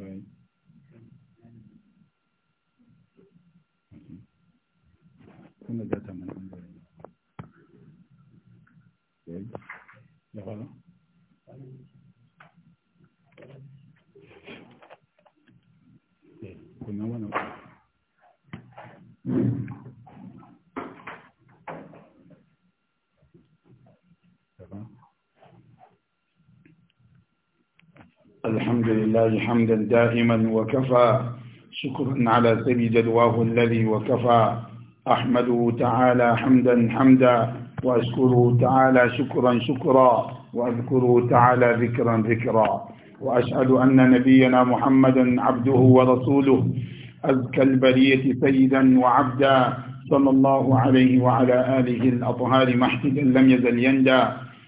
Right. الحمد لله حمدا دائما وكفى شكرا على سبي جدواه الذي وكفى أحمده تعالى حمدا حمدا وأشكره تعالى شكرا شكرا وأذكره تعالى ذكرا ذكرا وأشهد أن نبينا محمدا عبده ورسوله أزكى البرية سيدا وعبدا صلى الله عليه وعلى آله الأطهار محتدا لم يزل يندى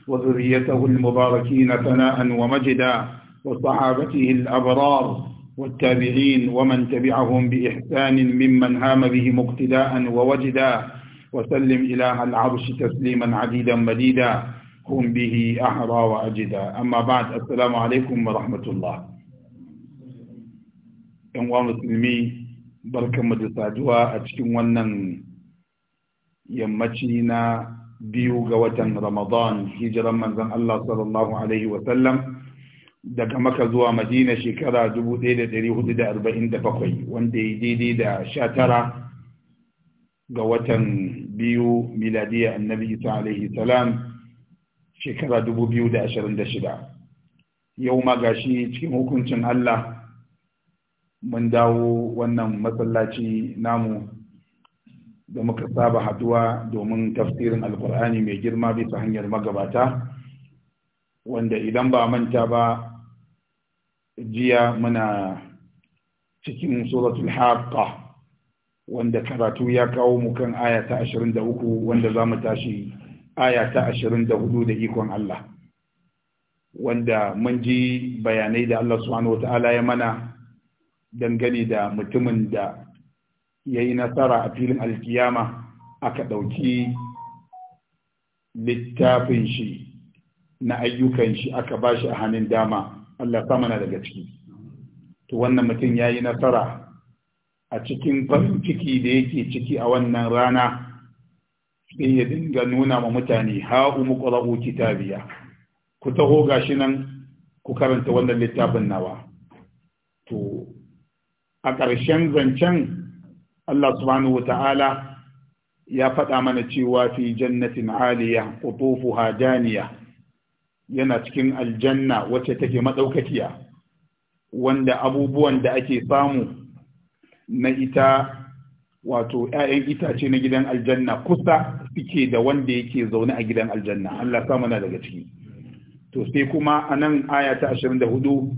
وذريته المباركين ثناء ومجدا وصحابته الأبرار والتابعين ومن تبعهم بإحسان ممن هام به مقتداء ووجدا وسلم إله العرش تسليما عديدا مديدا هم به أحرى وأجدا أما بعد السلام عليكم ورحمة الله ‘Yan musulmi بركة da saduwa a يمتشينا wannan رمضان هجرا من ga watan Ramadan hijiran manzon Allah daga maka zuwa madina shekara 1447 wanda ya daidai da 19 ga watan biyu miladiyya annabi isa alaihi salam shekara 2026 yau ma gashi cikin hukuncin allah mun dawo wannan masallaci namu da muka saba haduwa domin tafsirin alkur'ani mai girma bisa hanyar magabata wanda idan ba manta ba jiya muna cikin suratul haqqa wanda karatu ya kawo mu kan aya ta 23 wanda za mu tashi aya ta 24 da ikon Allah wanda mun ji bayanai da Allah subhanahu wataala ya mana dangane da mutumin da ya yi nasara a filin alkiyama aka ɗauki littafin shi na ayyukan shi aka ba shi a hannun dama Allah sa na daga ciki to wannan mutum yayi nasara a cikin farin ciki da yake ciki a wannan rana sai ya dinga nuna ma mutane ha umu kitabiya ku taho gashi nan ku karanta wannan littafin nawa to a ƙarshen zancen Allah subhanahu wata'ala ya faɗa mana cewa fi jannatin aliya qutufuha daniya yana cikin aljanna wacce take madaukakiya wanda abubuwan da ake samu na ita wato ‘ya'yan itace na gidan aljanna kusa suke da wanda yake zaune a gidan aljanna Allah samu na daga ciki to sai kuma a nan aya ta 24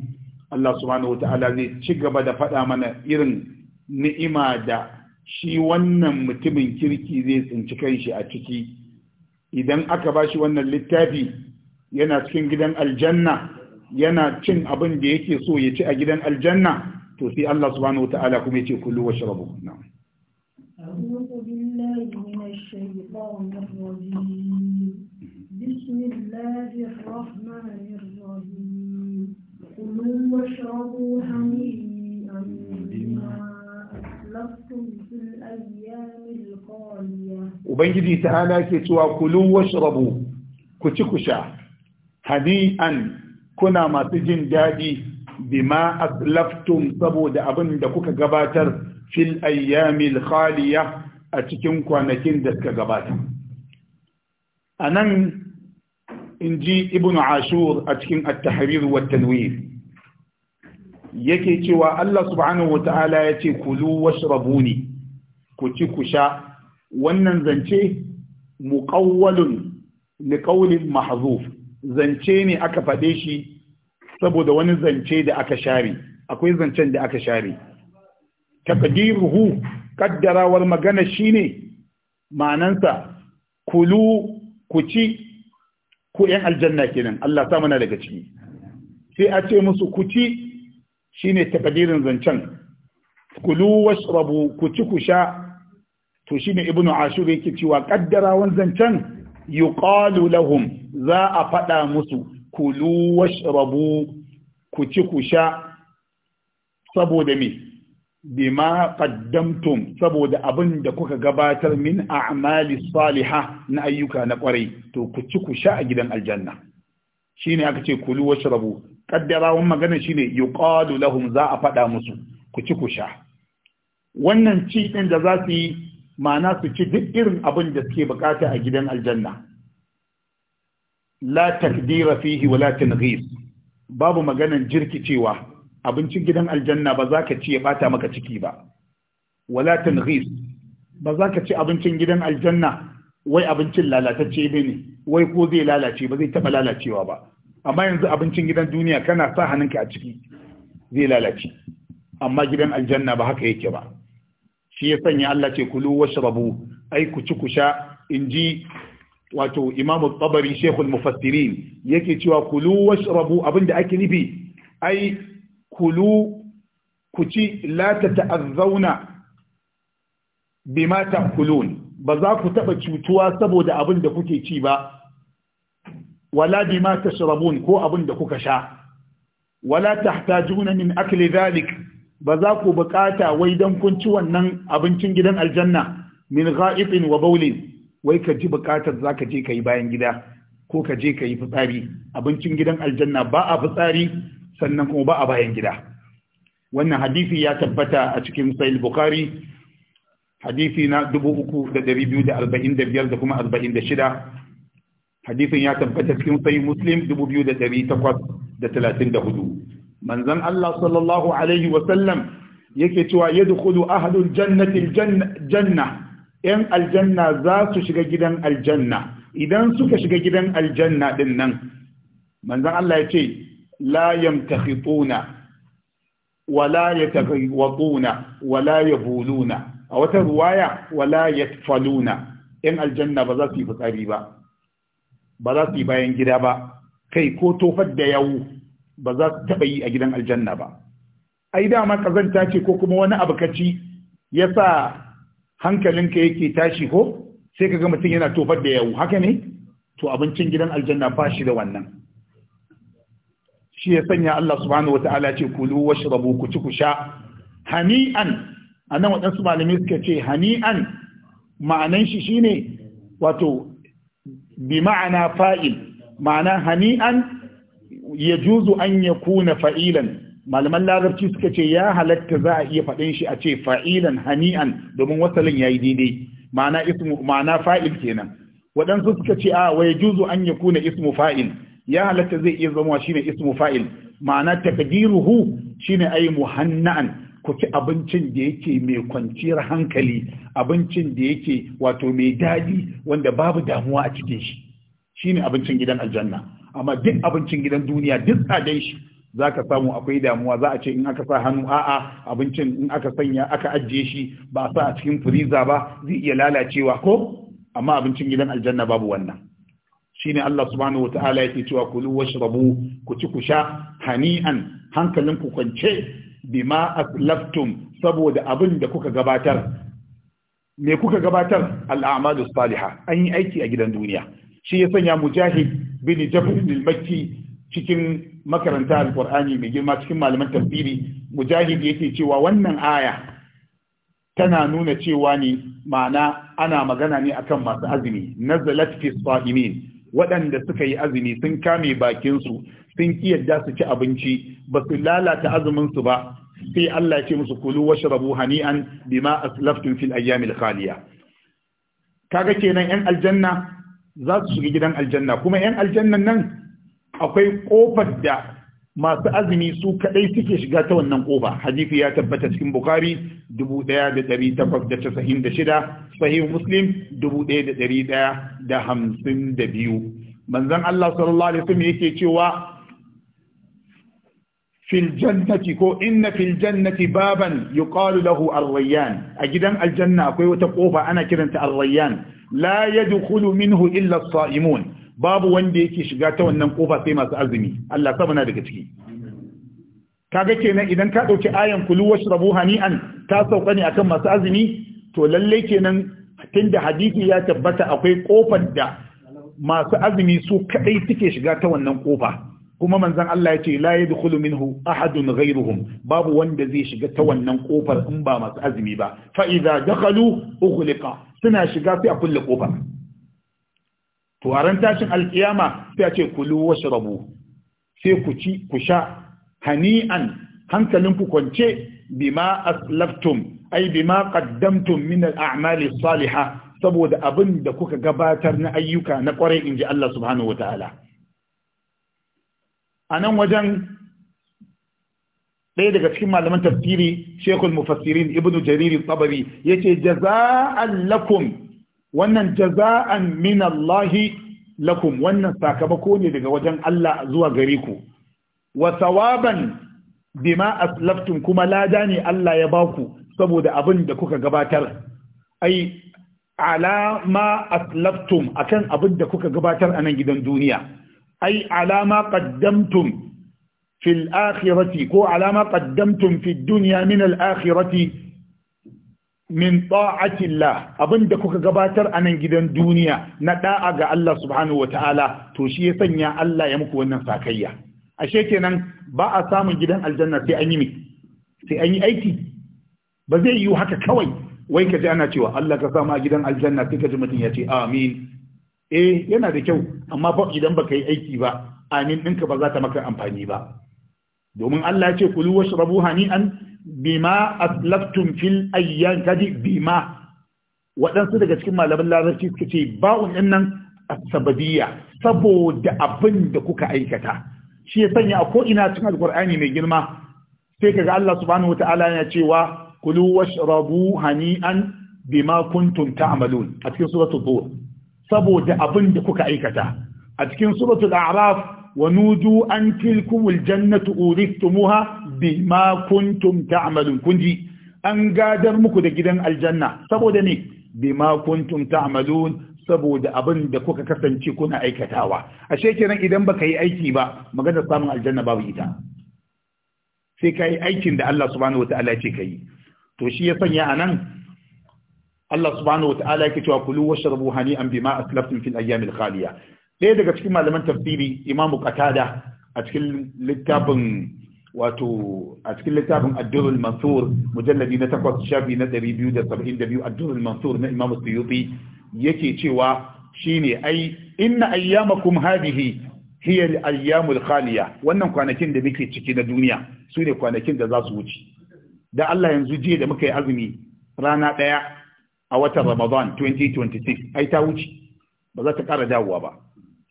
Allah subhanahu wa ta'ala zai ci gaba da faɗa mana irin ni'ima da shi wannan mutumin kirki zai tsinci kanshi a ciki idan aka ba shi wannan littafi yana cikin gidan aljanna yana cin abin da yake so ya ci a gidan aljanna to sai Allah subhanahu wataala kuma yace kullu washrabu na'am a'udhu billahi minash shaitanir rajim bismillahir rahmanir rahim kullu washrabu hani'an bima Ubangiji ta'ala ke cewa kulun washrabu ku ci ku sha hani'an kuna masu jin daɗi bima aslaftum saboda abin da kuka gabatar fil ayyamil khaliya a cikin kwanakin da suka gabata anan inji ibnu ashur a cikin at-tahrir wa tanwir yake cewa Allah subhanahu Ta'ala ya ce kulu washrabuni ku ci ku sha wannan zance muqawwalun liqawlin mahzuf zance ne aka faɗe shi saboda wani zance da aka share akwai zancen da aka share taqdiruhu kaddarawar magana shine ma'anansa kulu ku ci ku yan aljanna kenan Allah sa mana daga ciki sai a ce musu ku ci shine takdirin zancen kulu washrabu ku ci ku sha to shine ibnu ashur yake cewa kaddarawan zancen yuqalu lahum za a faɗa musu kulu washrabu ku ci ku sha saboda me bima qaddamtum saboda abin da kuka gabatar min a'mali salihah na ayyuka na kwarai to ku ci ku sha a gidan aljanna shine aka ce kulu washrabu kaddarawan magana shine yuqalu lahum za a faɗa musu ku ci ku sha wannan ci din da za su yi ma'ana su ci duk irin abin da suke bukata a gidan aljanna la takdira fihi wala tanghis babu maganan jirkicewa abincin gidan aljanna ba za ka ci ya bata maka ciki ba wala tanghis ba za ka ci abincin gidan aljanna wai abincin lalatacce ne wai ko zai lalace ba zai taba lalacewa ba amma yanzu abincin gidan duniya kana sa hannunka a ciki zai lalace amma gidan aljanna ba haka yake ba shi ya sanya Allah ce kulu rabu! ai ku ci ku sha inji wato Imam al-Tabari Mufassirin yake cewa kulu washrabu da ake nufi ai kulu ku ci la tata'azzauna bima kulun. ba za ku taɓa cutuwa saboda abin da kuke ci ba wala bima tashrabun ko abin da kuka sha wala tahtajuna min akli zalik ba za ku bukata wai dan kun ci wannan abincin gidan aljanna min gha'ifin wa Baulin. wai ka ji bukatar za ka je ka yi bayan gida ko ka je ka yi fitsari abincin gidan aljanna ba a fitsari sannan kuma ba a bayan gida wannan hadisi ya tabbata a cikin sahih bukhari hadisi na 3245 da kuma 46 hadisin ya tabbata cikin sahih muslim 2834 manzon Allah sallallahu alaihi wa yake cewa yadkhulu ahadul jannati janna yan aljanna za su shiga gidan aljanna idan suka shiga gidan aljanna din nan manzon Allah ya ce la yamtakhituna wala yataghawatuna wala yabuluna a wata ruwaya wala faluna. yan aljanna ba za su yi fitsari ba ba za su yi bayan gida ba kai ko tofar da yawo ba za su taɓa yi a gidan aljanna ba ai dama kazanta ce ko kuma wani abu kaci ya sa hankalinka yake tashi ko sai ka ga mutum yana tofar da yawu haka ne to abincin gidan aljanna ba shi da wannan shi ya sanya Allah subhanahu wata'ala ce kulu washrabu ku ci ku sha hani'an anan waɗansu malamai suka ce hani'an ma'anan shi shine wato bi ma'ana fa'il ma'ana hani'an yajuzu an na fa'ilan malaman larabci suka ce ya halatta za a iya faɗin shi a ce fa'ilan hani'an domin wasalin ya yi daidai ma'ana fa'il kenan waɗansu suka ce a wai yajuzu an yakuna ismu fa'il ya halatta zai iya zama shine ismu fa'il ma'ana shi shine ai muhanna'an ku ci abincin da yake mai kwanciyar hankali abincin da yake wato mai daɗi wanda babu damuwa a cikin shi shine abincin gidan aljanna amma duk abincin gidan duniya duk tsadan shi za ka samu akwai damuwa za a ce in aka sa hannu a'a abincin in aka sanya aka ajiye shi ba a sa a cikin firiza ba zai iya lalacewa ko amma abincin gidan aljanna babu wannan shine Allah subhanahu wataala yake cewa kulu washrabu ku ci ku sha hani'an hankalin ku kwance bima aslaftum saboda abin da kuka gabatar me kuka gabatar al'amalu salihah an yi aiki a gidan duniya shi ya sanya mujahid bin jabr al-makki cikin makaranta alqur'ani mai girma cikin malaman tafsiri mujahid yake cewa wannan aya tana nuna cewa ne ma'ana ana magana ne akan masu azumi nazalat fi sa'imin waɗanda suka yi azumi sun kame bakin su sun kiyarda su ci abinci ba su lalata azumin su ba sai Allah ya ce musu kulu washrabu hani'an bima aslaftum fil ayyamil khaliya kaga kenan yan aljanna za su shiga gidan aljanna kuma yan aljannan nan akwai kofar da masu azumi su kaɗai suke shiga ta wannan kofa hadisi ya tabbata cikin bukhari 1896 sahih muslim 1152 manzon Allah sallallahu alaihi wasallam yake cewa fil jannati ko inna fil baban yuqalu lahu ar-rayyan a gidan aljanna akwai wata kofa ana kiranta ar-rayyan la yadkhulu minhu illa as-sa'imun babu wanda yake shiga ta wannan kofa sai masu azumi Allah sa muna daga ciki kaga kenan idan ka ɗauki ayan kulu washrabu hani'an ta sauka ne akan masu azumi to lallai kenan tunda hadisi ya tabbata akwai ƙofar da masu azumi su kadai suke shiga ta wannan ƙofa. kuma manzon Allah ya ce la yadkhulu minhu ahadun gairuhun babu wanda zai shiga ta wannan kofar in ba masu azumi ba fa idza dakhalu ughliqa suna shiga sai a kulle kofar to tashin alkiyama sai a ce kulu rabu sai ku ci ku sha hani'an hankalin ku kwance bima aslaftum ai bima qaddamtum min al salihah saboda abin da kuka gabatar na ayyuka na kwarai ji Allah subhanahu ta'ala. a nan wajen ɗaya daga cikin malaman tafsiri shekul mufassirin ibnu jaririn tsabari ya ce jaza'an lakum wannan jaza'an min Allahi lakum wannan sakamako ne daga wajen Allah zuwa gare ku wa sawaban bima aslaftum kuma lada ne Allah ya baku saboda abin da kuka gabatar ai alama aslaftum akan abin da kuka gabatar a nan gidan duniya أي على ما قدمتم في الآخرة هو على ما قدمتم في الدنيا من الآخرة من طاعة الله أظن دكوك قباتر أن انجدن دنيا نداء الله سبحانه وتعالى توشيه ثنيا الله يمك ونفاكية أشيكنا باء سام انجدن الجنة في أي ميك في أي أيتي بزي يوحك كوي ويكا جانا تيوى الله كسام انجدن الجنة في كجمة يتي آمين eh yana da kyau amma fa idan baka yi aiki ba amin ɗinka ba za ta maka amfani ba domin Allah ce kulu washrabu hani'an bima aslaftum fil ayyan kadi bima waɗansu daga cikin malaman larabci suka ce ba'un ɗin nan asbabiyya saboda abin da kuka aikata shi ya sanya a ko'ina cikin alkur'ani mai girma sai kaga Allah subhanahu ta'ala yana cewa kulu washrabu hani'an bima kuntum ta'malun a cikin suratul dhur saboda abin da kuka aikata a cikin suratul a'raf wa nudu an tilkumul jannatu uriftumuha bima kuntum ta'malun kunji an gadar muku da gidan aljanna saboda ne bima kuntum ta'malun saboda abin da kuka kasance kuna aikatawa ashe kenan idan baka yi aiki ba maganar samun aljanna babu ita sai kayi aikin da Allah subhanahu wataala ce ka yi to shi ya sanya anan Allah subhanahu wa ta'ala yake cewa kulu washrabu hani'an bima aslaftum fil ayyamil khaliya ɗaya daga cikin malaman tafsiri Imam Qatada a cikin littafin wato a cikin littafin Ad-Durrul Mansur mujalladi na 8 shafi na 272 Ad-Durrul Mansur na Imam Suyuti yake cewa shine ai inna ayyamakum hadhihi hiya al-ayyamul khaliya wannan kwanakin da muke ciki na duniya sune kwanakin da za su wuce da Allah yanzu je da muka yi azumi rana ɗaya a watan Ramadan 2026 ai ta wuce ba za ta ƙara dawowa ba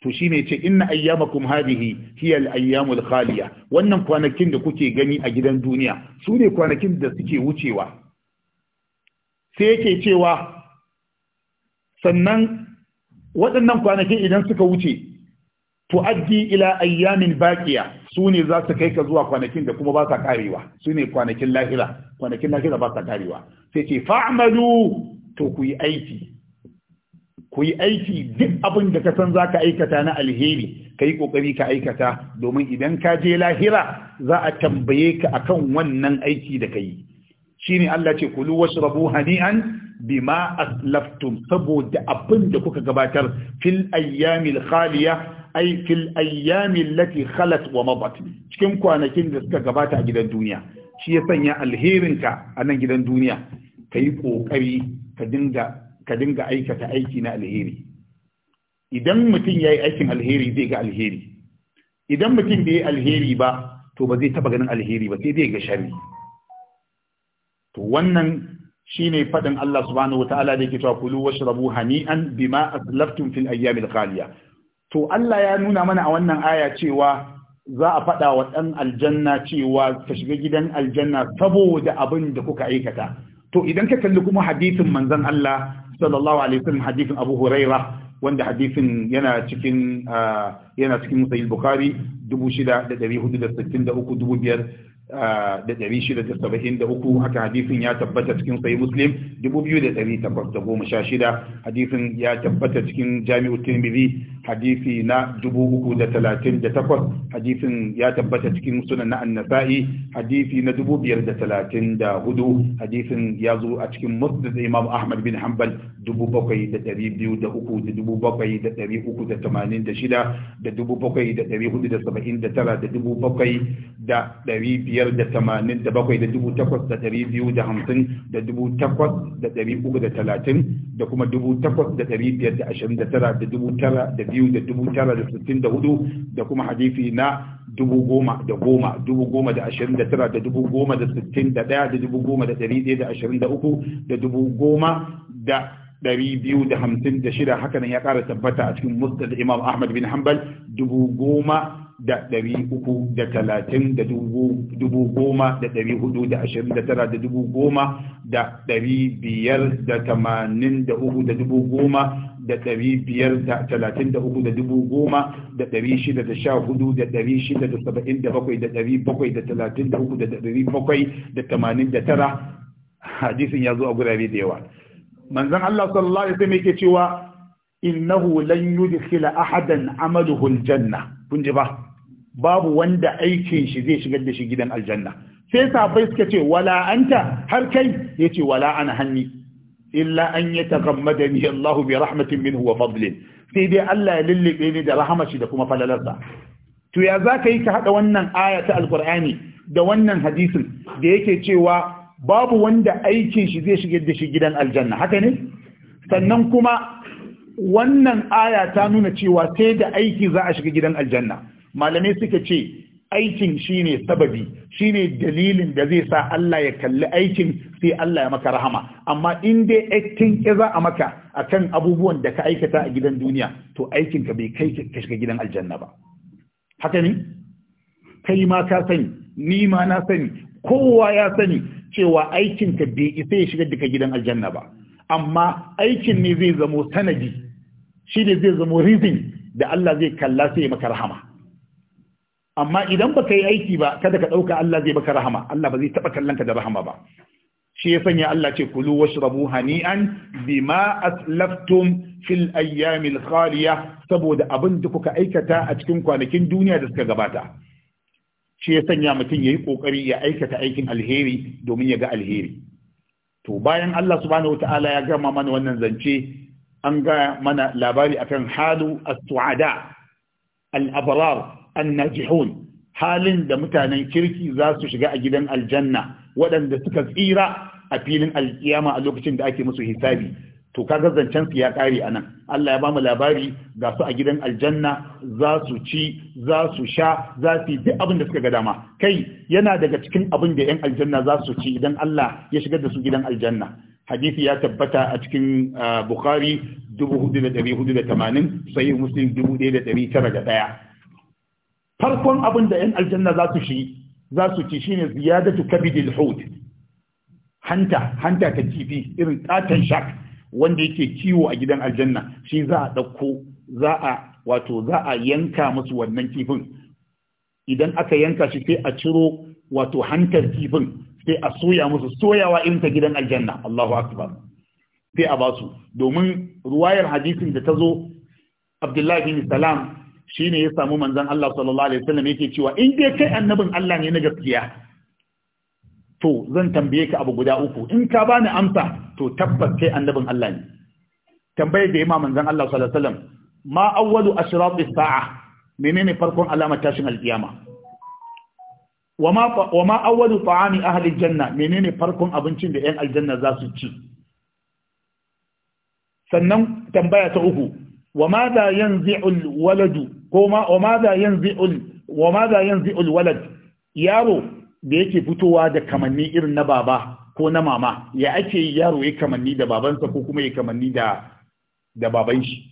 to ne ce inna ayyamakum hadhihi hiya al-ayyamul khaliya wannan kwanakin da kuke gani a gidan duniya su ne kwanakin da suke wucewa sai yake cewa sannan waɗannan kwanakin idan suka wuce tu'addi ila ayyamin baqiya su ne za su kai ka zuwa kwanakin da kuma ba sa karewa su ne kwanakin lahira kwanakin lahira ba sa karewa sai ce fa'malu to ku yi aiki ku yi aiki duk abin da ka san za ka aikata na alheri ka yi ƙoƙari ka aikata domin idan ka je lahira za a tambaye ka akan wannan aiki da ka yi shi ne Allah ce kulu wasu rabu hani'an bima aslaftum saboda abin da kuka gabatar fil ayyamil khaliya ai fil ayyamil lati khalat wa mabat cikin kwanakin da suka gabata a gidan duniya shi ya sanya alherinka a nan gidan duniya ka yi ƙoƙari ka dinga aikata aiki na alheri idan mutum yayi aikin alheri zai ga alheri idan mutum bai yi alheri ba to ba zai taba ganin alheri ba sai dai ga shari to wannan shine faɗin Allah subhanahu wataala da yake cewa kulu washrabu hani'an bima aslaftum fil ayyamil khaliya to Allah ya nuna mana a wannan aya cewa za a faɗa wa ɗan aljanna cewa ka shiga gidan aljanna saboda abin da kuka aikata to idan ka kalli kuma hadisin manzon Allah sallallahu alaihi wasallam hadisin Abu Huraira wanda hadisin yana cikin ah, yana cikin Sahih Bukhari 6463 ah, haka hadisin ya tabbata cikin Sahih Muslim 2816 hadisin ya tabbata cikin Jami'u Tirmidhi hadisi na 338 hadisin ya tabbata cikin sunan na annasa'i hadisi na 534 hadisin ya zo a cikin musnad imam ahmad bin hanbal 7203 da 7386 da 7479 da 7587 da 8250 da 8330 da kuma 8529 da 9000 biyu da dubu tara da sittin da hudu da kuma hadisi na dubu goma da goma dubu goma da ashirin da tara da dubu goma da sittin da ɗaya da dubu goma da ɗari ɗaya da ashirin da uku da dubu goma da biyu da hamsin 256 haka nan ya ƙara tabbata a cikin da Imam Ahmad bin Hanbal dubu goma da ɗari uku da talatin da dubu goma da ɗari hudu da ashirin da tara da dubu goma da ɗari biyar da tamanin da uku da dubu goma da ɗari biyar da talatin da uku da dubu goma da ɗari shida da sha hudu da ɗari shida da saba'in da bakwai da ɗari bakwai da talatin da uku da ɗari bakwai da tamanin da tara hadisin ya zo a gurare da yawa Manzan Allah sallallahu alaihi wasallam yake cewa innahu lan yudkhila ahadan amaluhu aljanna kun ji ba babu wanda aikin shi zai shigar da shi gidan aljanna sai sahabbai suka ce wala anta har kai yace wala ana hanni illa an ya takammada ni Allah bi rahmatin minhu wa fadlin sai dai Allah ya lullube ni da shi da kuma falalarsa to ya zaka yi ka haɗa wannan aya ta alkur'ani da wannan hadisin da yake cewa babu wanda aikin shi zai shigar da shi gidan aljanna haka ne sannan kuma wannan aya ta nuna cewa sai da aiki za a shiga gidan aljanna malamai suka ce aikin shine sababi shine dalilin da zai sa Allah ya kalli aikin sai Allah ya maka rahama amma in dai aikin ki za a maka akan abubuwan da ka aikata a gidan duniya to aikin ka bai kai ka shiga gidan aljanna ba haka ne kai ma ka sani ni ma na sani kowa ya sani cewa aikin ka bai isa ya shiga duka gidan aljanna ba amma aikin ne zai zamo sanadi shi ne zai zamo reason da Allah zai kalla sai ya maka rahama amma idan ba ka yi aiki ba kada ka ɗauka Allah zai baka rahama Allah ba zai taɓa kallon ka da rahama ba shi ya sanya Allah ce kulu Hani, hani'an bima aslaftum fil ayyamil khaliya saboda abin da kuka aikata a cikin kwanakin duniya da suka gabata shi ya sanya mutum yi ƙoƙari ya aikata aikin alheri domin ya ga alheri to bayan Allah subhanahu wataala ya gama mana wannan zance an ga mana labari akan halu as-su'ada al-abrar annajihun halin da mutanen kirki za su shiga a gidan aljanna waɗanda suka tsira a filin alkiyama a lokacin da ake musu hisabi to kaga zancen su ya kare nan. Allah ya bamu labari ga su a gidan aljanna za su ci za su sha za su yi duk abin da suka ga dama kai yana daga cikin abin da yan aljanna za su ci idan Allah ya shigar da su gidan aljanna hadisi ya tabbata a cikin ah, Bukhari 4480 sahih Muslim 1901 farkon abin da 'yan aljanna za su shi za su ci shine ziyadatu kabidil hud hanta hanta ta kifi irin katon shak wanda yake kiwo a gidan aljanna shi za a ɗauko za a wato za a yanka musu wannan kifin idan aka yanka shi sai a ciro wato hantar kifin sai a soya musu soyawa irin ta gidan aljanna Allahu akbar sai a basu domin ruwayar hadisin da ta zo Abdullahi bin Salam Shi ne ya samu manzan Allah sallallahu alaihi wasallam yake cewa in dai kai annabin Allah ne na gaskiya to zan tambaye ka abu guda uku in ka bani amsa to tabbas kai annabin Allah ne tambayar da imam manzan Allah sallallahu alaihi wasallam ma awwalu ashratis sa'a menene farkon alamar tashin alkiyama wama wama awwalu ta'ami ahli janna menene farkon abincin da ƴan aljanna za su ci sannan tambaya ta uku wa madha yanzi'u Waladu, ko ma wa madha yanzi'u wa madha yaro da yake fitowa da kamanni irin na baba ko na mama ya ake yi yaro ya kamanni da babansa ko kuma ya kamanni da da baban shi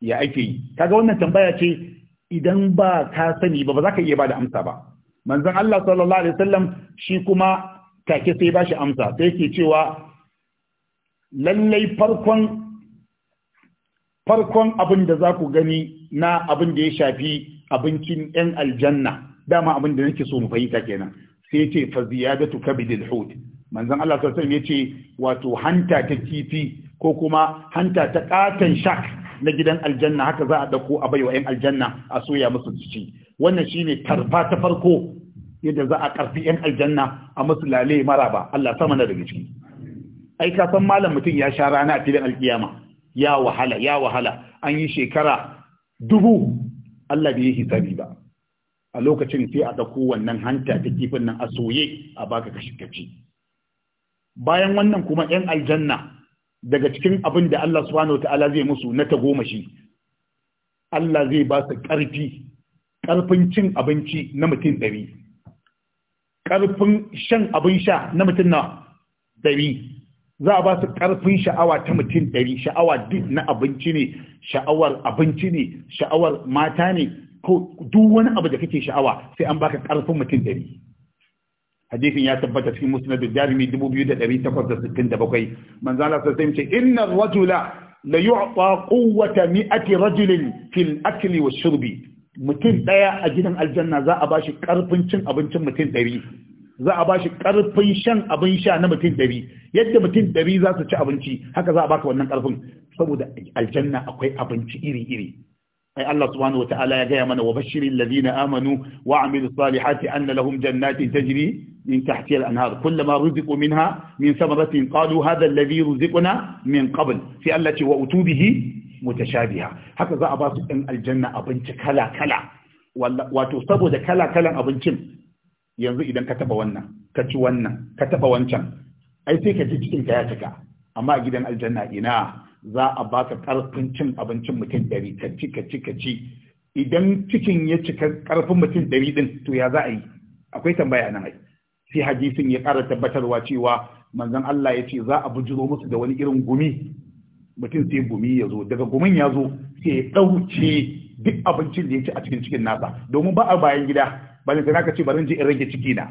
ya ake yi kaga wannan tambaya ce idan ba ka sani ba ba za ka iya ba da amsa ba manzon Allah sallallahu alaihi wasallam shi kuma take sai ba shi amsa sai yake cewa lallai farkon farkon abin da za ku gani na abin da ya shafi abincin 'yan aljanna dama abin da nake so mu fahimta kenan sai ce fa ziyadatu kabidil hut manzon Allah sallallahu alaihi wasallam yace wato hanta ta kifi ko kuma hanta ta katan shak na gidan aljanna haka za a dauko a baiwa 'yan aljanna a soya musu ciki wannan shine tarfa ta farko yadda za a karfi 'yan aljanna a musu lale maraba Allah sama na daga ciki ai ka san malam mutum ya sha rana a filin alkiyama ya wahala ya wahala an yi shekara dubu Allah bai yi hisabi ba a lokacin sai a dauko wannan hanta ta kifin nan a soye a baka kashi kaci bayan wannan kuma 'yan aljanna daga cikin abin da Allah subhanahu wataala zai musu na ta goma shi. Allah zai ba su ƙarfi ƙarfin cin abinci na mutum ɗari ƙarfin shan abin sha na mutum na ɗari za a ba su karfin sha'awa ta mutum ɗari sha'awa duk na abinci ne sha'awar abinci ne sha'awar mata ne ko duk wani abu da kake sha'awa sai an baka karfin mutum ɗari hadisin ya tabbata cikin musnad darimi 2867 manzo Allah sai ce inna rajula la yu'ta quwwata mi'ati rajulin fil akli wash shurbi mutum daya a gidan aljanna za a bashi karfin cin abincin mutum ɗari za a bashi karfin shan abin sha na mutum ɗari yadda mutum ɗari za su ci abinci haka za a baka wannan karfin saboda aljanna akwai abinci iri-iri ai Allah subhanahu wataala ya gaya mana wa bashirin ladina amanu wa amilu salihati anna lahum jannati tajri min tahtiha al-anhar kullama ruziqu minha min samaratin qalu hadha alladhi ruziquna min qabl fi allati wa utubihi mutashabiha haka za a ba su aljanna abinci kala-kala wato saboda kala-kalan abincin yanzu idan ka taba wannan ka ci wannan ka taba wancan ai sai ka ji cikin ka ya cika amma a gidan aljanna ina za a baka karfin cin abincin mutum ɗari ka ci ka ci ka ci idan cikin ya cika karfin mutum ɗari din to ya za a yi akwai tambaya nan ai sai hadisin ya ƙara tabbatarwa cewa manzon Allah ya ce za a bujiro musu da wani irin gumi mutum sai gumi ya zo daga gumin ya zo sai ya ɗauce duk abincin da ya ci a cikin cikin nasa domin ba a bayan gida balin sai naka ce barin ji in rage ciki na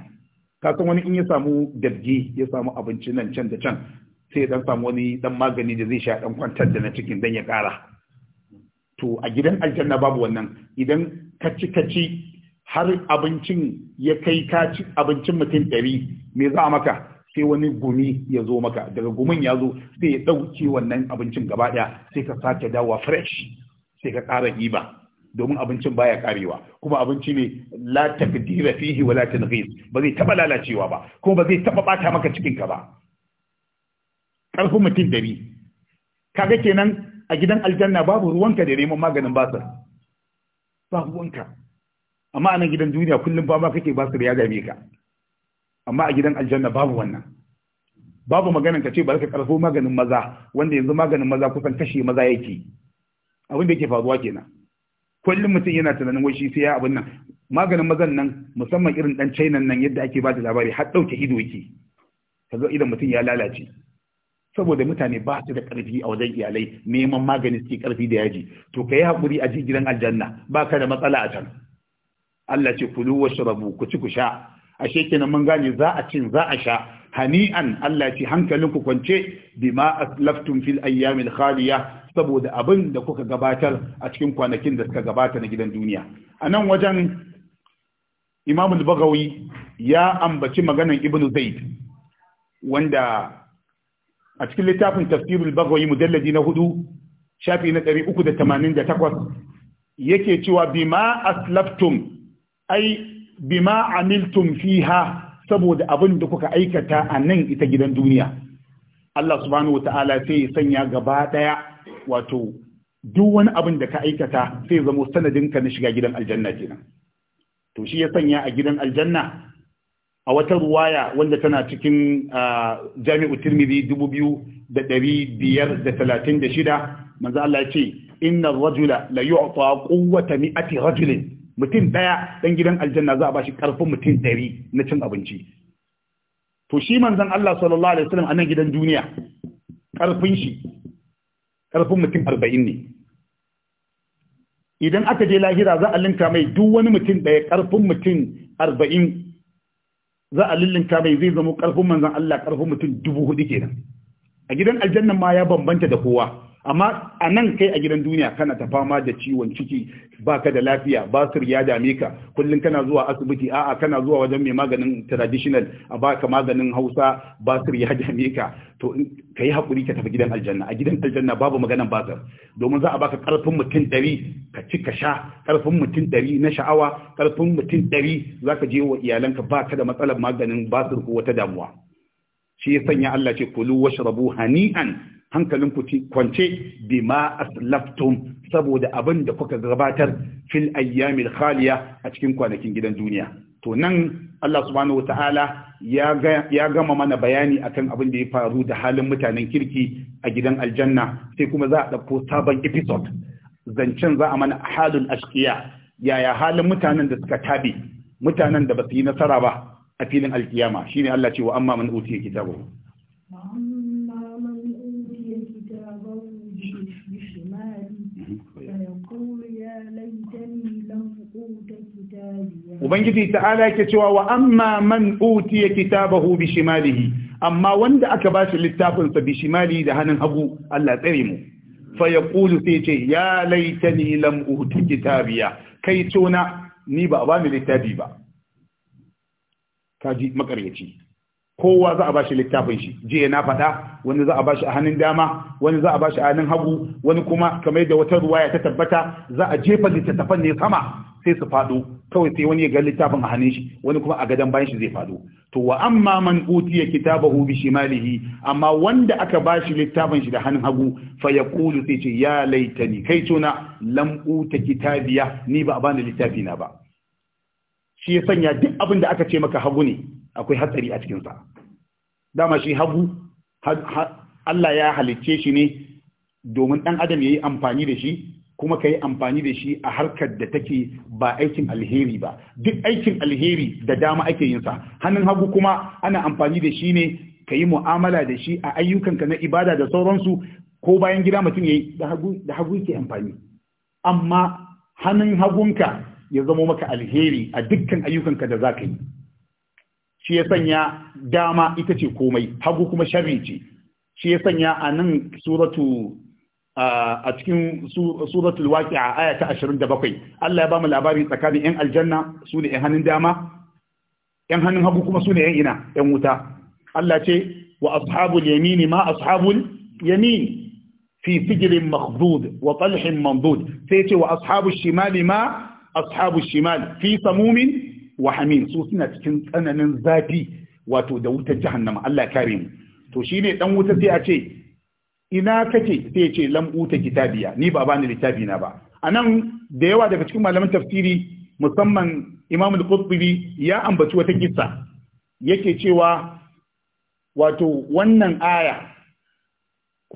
ka san wani in ya samu dabgi ya samu abinci nan can da can sai dan samu wani dan magani da zai sha dan kwantar da na cikin dan ya kara to a gidan aljanna babu wannan idan ka ci ka ci har abincin ya kai ka ci abincin mutum ɗari me za maka sai wani gumi ya zo maka daga gumin ya zo sai ya ɗauke wannan abincin gaba ɗaya sai ka sake dawa fresh sai ka ƙara riba domin abincin baya karewa kuma abinci ne la takdira fihi wala tanghis ba zai taba lalacewa ba kuma ba zai taba bata maka cikin ka ba karfin mutum dari kaga kenan a gidan aljanna babu ruwanka da neman maganin basir ba ruwanka amma anan gidan duniya kullum ba kake basir ya game ka amma a gidan aljanna babu wannan babu maganin ka ce ba ka karfo maganin maza wanda yanzu maganin maza kusan kashe maza yake abin da yake faruwa kenan kullum mutum yana tunanin wai shi sai ya abin nan maganin mazan nan musamman irin dan china nan yadda ake ba da labari har dauke ido yake kaga idan mutum ya lalace saboda mutane ba su da karfi a wajen iyalai neman magani suke karfi da yaji to kai hakuri a ji gidan aljanna ba ka da matsala a can Allah ce kulu washrabu ku ci ku sha ashe kenan mun gane za a cin za a sha hani'an Allah ce hankalinku kwance bima aslaftum fil ayyamil khaliya saboda abin da kuka gabatar a cikin kwanakin da suka gabata na gidan duniya a nan wajen Imam al-Baghawi ya ambaci maganan Ibn Zaid wanda a cikin littafin Tafsir al-Baghawi mujalladi na 4 shafi na 388 yake cewa bima aslaftum ai bima amiltum fiha saboda abin da kuka aikata a nan ita gidan duniya Allah subhanahu ta'ala sai ya sanya gaba ɗaya wato duk wani abin da ka aikata sai zamo sanadin ka na shiga gidan aljanna kenan to shi ya sanya a gidan aljanna a wata ruwaya wanda tana cikin jami'u tirmidhi 2536 manzo Allah ya ce inna rajula la yu'ta quwwata mi'ati rajulin mutum ɗaya ɗan gidan aljanna za a ba shi ƙarfin mutum ɗari na cin abinci to shi manzon Allah sallallahu alaihi wasallam a nan gidan duniya ƙarfin shi ƙarfin mutum arba'in ne idan aka je lahira za a linka mai duk wani mutum ɗaya ƙarfin mutum arba'in za a lillinka mai zai zama ƙarfin manzon Allah ƙarfin mutum dubu hudu kenan a gidan aljanna ma ya bambanta da kowa amma a nan kai a gidan duniya kana ta fama da ciwon ciki baka da lafiya basir ya dame ka kullum kana zuwa asibiti a'a kana zuwa wajen mai maganin traditional a baka maganin hausa basir ya dame ka to ka yi haƙuri ka tafi gidan aljanna a gidan aljanna babu maganan basir domin za a baka ƙarfin mutum ɗari ka ci ka sha ƙarfin mutum ɗari na sha'awa ƙarfin mutum ɗari za ka je wa iyalanka baka da matsalar maganin basir ko wata damuwa shi ya sanya Allah ce kulu washrabu hani'an hankalin ku kwance bima aslaftum saboda abin da kuka gabatar fil ayyamil khaliya a cikin kwanakin gidan duniya to nan Allah subhanahu wataala ya ya gama mana bayani akan abin da ya faru da halin mutanen kirki a gidan aljanna sai kuma za a ɗauko sabon episode zancen za a mana halin askiya, yaya halin mutanen da suka tabi mutanen da ba su yi nasara ba a filin alkiyama shine Allah ce wa amma man utiya kitabahu ubangiji ta'ala yake cewa wa amma man utiya kitabahu bi shimalihi amma wanda aka bashi littafin sa bishimali da hannun hagu Allah tsare mu fa yaqulu sai ce ya laitani lam uta kitabiya kai tona ni ba a bani littafi ba kaji makaryaci kowa za a bashi littafin shi jiya na faɗa wani za a bashi a hannun dama wani za a bashi a hannun hagu wani kuma kamar da wata ruwaya ta tabbata za a jefa littattafan ne sama sai su faɗo kawai sai wani ya ga littafin a hannun shi wani kuma a gadon bayan shi zai faɗo to wa amma man utiya kitabahu bi shimalihi amma wanda aka bashi littafin shi da hannun hagu fa yaqulu sai ce ya laitani kai tuna lam uta kitabiya ni ba a bani littafi na ba shi ya sanya duk abin da aka ce maka hagu ne akwai hatsari a cikinsa dama shi hagu Allah ya halicce shi ne domin ɗan adam ya yi amfani da shi kuma ka yi amfani da shi a harkar da take ba aikin alheri ba duk aikin alheri da dama ake yinsa hannun hagu kuma ana amfani da shi ne ka yi mu'amala da shi a ayyukanka na ibada da sauransu ko bayan gida mutum ya yi da hagu yake amfani amma hannun hagunka ya zamo maka alheri a dukkan ayyukanka da za ka yi shi ya sanya dama ita ce komai hagu kuma shar'i ce shi ya sanya a nan suratu a cikin suratul a aya ta 27 Allah ya ba mu labari tsakanin yan aljanna su ne yan hannun dama yan hannun hagu kuma su ne yan ina yan wuta Allah ce wa ashabul yamini ma ashabul yamin fi sijrin makhdud wa talhin mandud sai ce wa ashabul shimali ma ashabul shimal fi samumin Wahamin su suna cikin tsananin zafi wato da wutar jahannama Allah kare mu to shine dan wuta sai a ce ina kake sai ce lam uta kitabiya ni ba bani littafi na ba anan da yawa daga cikin malaman tafsiri musamman Imam al-Qurtubi ya ambaci wata kissa yake cewa wato wannan aya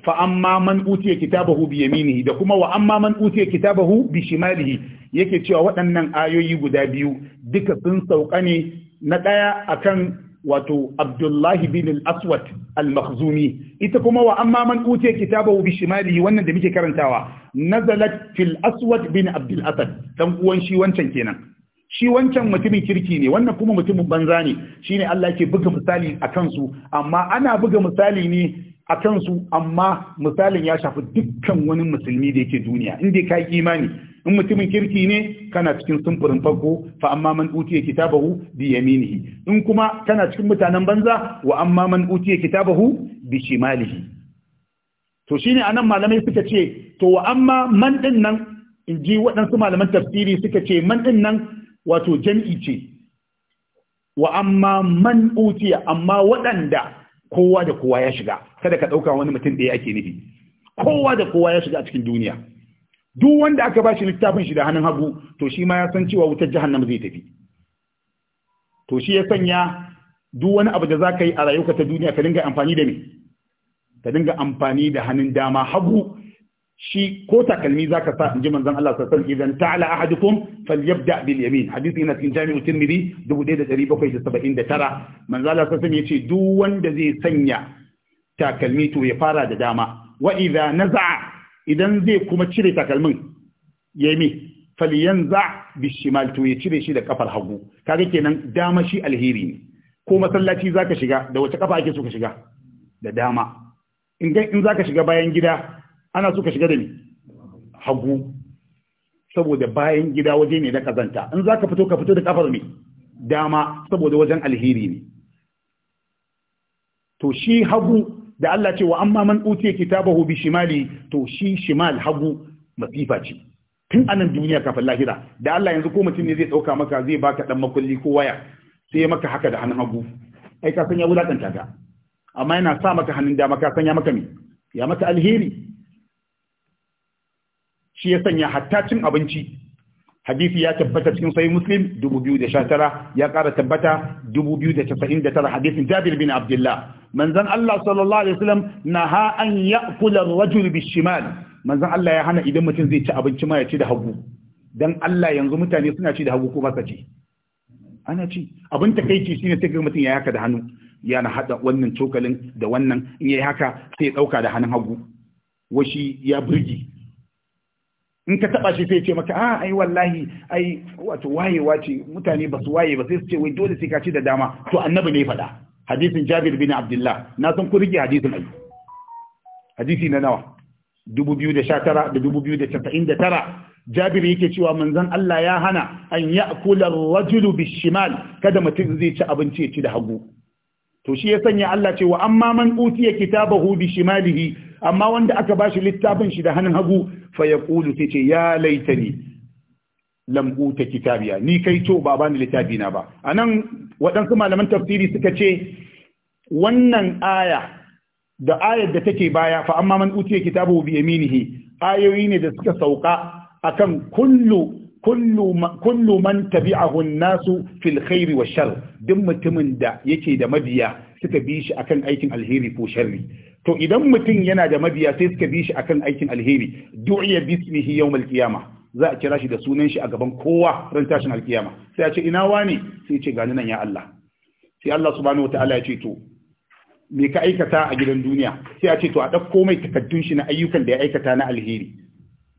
fa amma man utiya kitabahu bi yaminihi da kuma wa amma man utiya kitabahu bi shimalihi yake cewa waɗannan ayoyi guda biyu duka sun sauka ne na ɗaya akan wato Abdullahi bin al-Aswad al-Makhzumi ita kuma wa amma man utiya kitabahu bi shimali wannan da muke karantawa nazalat fil Aswad bin Abdul Asad dan uwan shi wancan kenan shi wancan mutumin kirki ne wannan kuma mutumin banza ne shine Allah yake buga misali a kansu, amma ana buga misali ne a kansu amma misalin ya shafi dukkan wani musulmi da yake duniya inda ka yi imani in mutumin kirki ne kana cikin sumfurin farko fa amma man utiya kitabahu bi yaminihi in kuma kana cikin mutanen banza wa amma man utiya kitabahu bi shimalihi to shine anan malamai suka ce to wa amma man din nan in ji waɗansu malaman tafsiri suka ce man din nan wato jam'i ce wa amma man utiya amma waɗanda kowa da kowa ya shiga kada ka ɗauka wani mutum ɗaya ake nufi kowa da kowa ya shiga a cikin duniya duk wanda aka bashi littafin shi da hannun hagu to shi ma ya san cewa wutar jahannama zai tafi to shi ya sanya duk wani abu da zaka yi a rayuka ta duniya ka dinga amfani da me ka dinga amfani da hannun dama hagu shi ko takalmi zaka sa ji manzan Allah sallallahu alaihi wasallam idan ta'ala ahadukum falyabda bil yamin hadisi yana cikin jami'u tirmidhi 1779 manzon Allah sassan ya ce duk wanda zai sanya takalmi to ya fara da dama wa idza naza'a idan zai kuma cire takalmin ya yi faliyan za bishimal to ya cire shi da kafar hagu kaga kenan dama shi alheri ne ko masallaci za ka shiga da wata kafa ake so ka shiga da dama in za ka shiga bayan gida ana so shiga da ni hagu saboda bayan gida waje ne na kazanta in za ka fito ka fito da kafar ne dama saboda wajen alheri ne to shi hagu da Allah ce wa amma man utiya kitabahu bi shimali to shi shimal hagu masifa ce tun anan duniya kafin lahira da Allah yanzu ko mutum ne zai dauka maka zai baka dan makulli ko waya sai ya maka haka da hannun hagu ai ka san ya wulakanta ka amma yana sa maka hannun dama ka san ya maka me ya maka alheri shi ya sanya hatta cin abinci hadisi ya tabbata cikin sahih muslim 2019 ya kara tabbata 2099 hadisin Jabir bin Abdullah manzon Allah sallallahu alaihi wasallam naha an ya'kula ar-rajul bishimal Manzan Allah ya hana idan mutum zai ci abinci ma ya ci da hagu dan Allah yanzu mutane suna ci da hagu ko ba ci ana ci abin takeici shine sai mutum ya yaka da hannu na hada wannan cokalin da wannan in yayi haka sai ya dauka da hannun hagu washi ya burge in ka taba shi sai ce maka a ah, ai wallahi ai wato wayewa ce mutane ba su waye ba sai su ce wai dole sai ka ci da dama to annabi ne faɗa hadisin Jabir bin Abdullah na san ku rike hadisin ai hadisi na nawa 2019 da 2099 Jabir yake cewa manzon Allah ya hana an ya'kula ar-rajulu bishimal kada mutum zai ci abinci ya ci da hagu to shi ya sanya Allah cewa amma man utiya kitabahu bishimalihi amma wanda aka bashi littafin shi da hannun hagu fa yaqulu ce ya laitani lam kitabiya ni kai to ba bani littafi na ba anan waɗansu malaman tafsiri suka ce wannan aya da ayar da take baya fa amma man utiya kitabu bi yaminihi ayoyi ne da suka sauka akan kullu kullu kullu man tabi'ahu nasu fil khairi wa shar duk mutumin da yake da mabiya suka bi shi akan aikin alheri ko sharri to idan mutum yana da mabiya sai suka bi shi akan aikin alheri du'iya bismihi yawmal qiyamah za a kira shi da sunan shi a gaban kowa ran tashin alkiyama sai a ce ina wani sai ce gani nan ya Allah sai Allah subhanahu wataala ya ce to me ka aikata a gidan duniya sai a ce to a ɗauko mai takaddun shi na ayyukan da ya aikata na alheri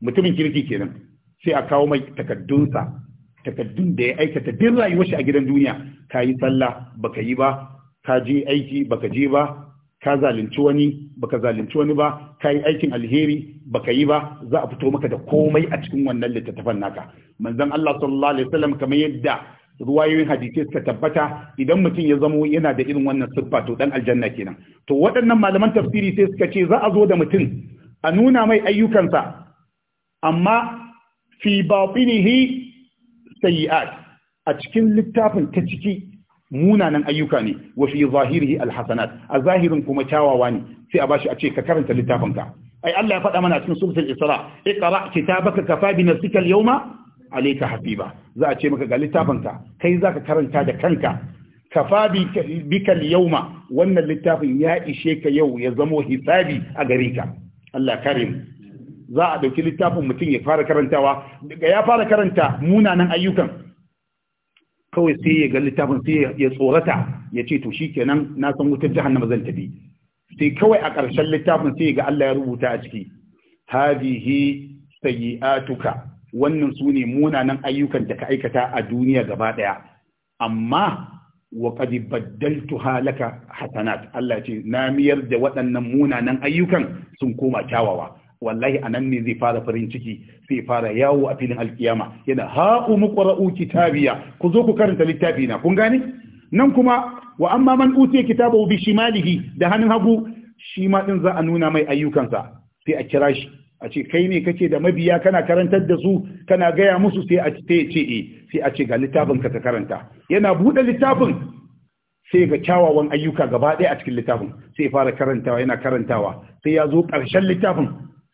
mutumin kirki kenan sai a kawo mai takaddun sa, takaddun da ya aikata din rayuwar shi a gidan duniya ka yi sallah baka yi ba ka je aiki baka je ba ka zalunci wani baka zalunci wani ba ka yi aikin alheri baka yi ba za a fito maka da komai a cikin wannan littattafan naka manzon Allah sallallahu alaihi wasallam kamar yadda ruwayoyin hadisai suka tabbata idan mutum ya zamo yana da irin wannan siffa to dan aljanna kenan to waɗannan malaman tafsiri sai suka ce za a zo da mutum a nuna mai ayyukansa amma fi batinihi sayyi'at a cikin littafin ta ciki munanan ayyuka ne wa fi zahirihi alhasanat a zahirin kuma kyawawa ne sai a bashi a ce ka karanta ka. ai Allah ya faɗa mana cikin suratul isra iqra kitabaka kafa bi nafsika al-yawma alayka hafiba za a ce maka ga ka kai zaka karanta da kanka kafa bika al-yawma wannan littafin ya ishe ka yau ya zamo hisabi a gare ka Allah karim za a dauki littafin mutum ya fara karantawa daga ya fara karanta munanan ayyukan kawai sai ya ga littafin sai ya tsorata ya ce to shi kenan na san wutar jahannama zan tafi sai kawai a ƙarshen littafin sai ya ga Allah ya rubuta a ciki hadihi sayyi'atuka wannan su ne munanan ayyukan da ka aikata a duniya gaba ɗaya amma wa qad baddaltuha laka hasanat Allah ce na miyar da waɗannan munanan ayyukan sun koma kyawawa wallahi anan ne zai fara farin ciki sai fara yawo a filin alkiyama yana ha umqra'u kitabiya ku zo ku karanta littafi na kun gane nan kuma wa amma man utiya kitaba bi shimalihi da hannun hagu shi ma din za a nuna mai ayyukansa sai a kira shi a ce kai ne kake da mabiya kana karantar da su kana gaya musu sai a ce e? sai a ce ga littafin ka ka karanta yana buɗe littafin sai ga kyawawan ayyuka gaba ɗaya a cikin littafin sai fara karantawa yana karantawa sai ya zo ƙarshen littafin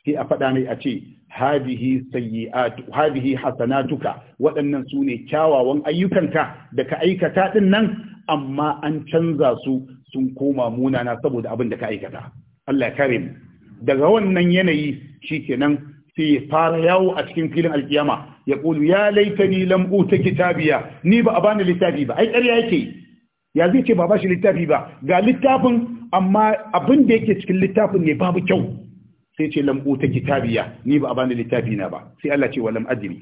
sai a faɗa mai a ce hadihi Hassanatuka hasanatuka waɗannan su ne kyawawan ayyukanka da ka aikata din nan amma an canza su sun koma munana saboda abin da ka aikata Allah ya kare mu daga wannan yanayi shikenan sai ya fara yawo a cikin filin alkiyama ya kulu ya laitani lam uta kitabiya ni ba a bani littafi ba ai ƙarya yake ya zai ce ba ba shi littafi ba ga littafin amma abin da yake cikin littafin ne babu kyau sai ce lambu ta kitabiya ni ba a bani littafi na ba sai Allah ce walam adri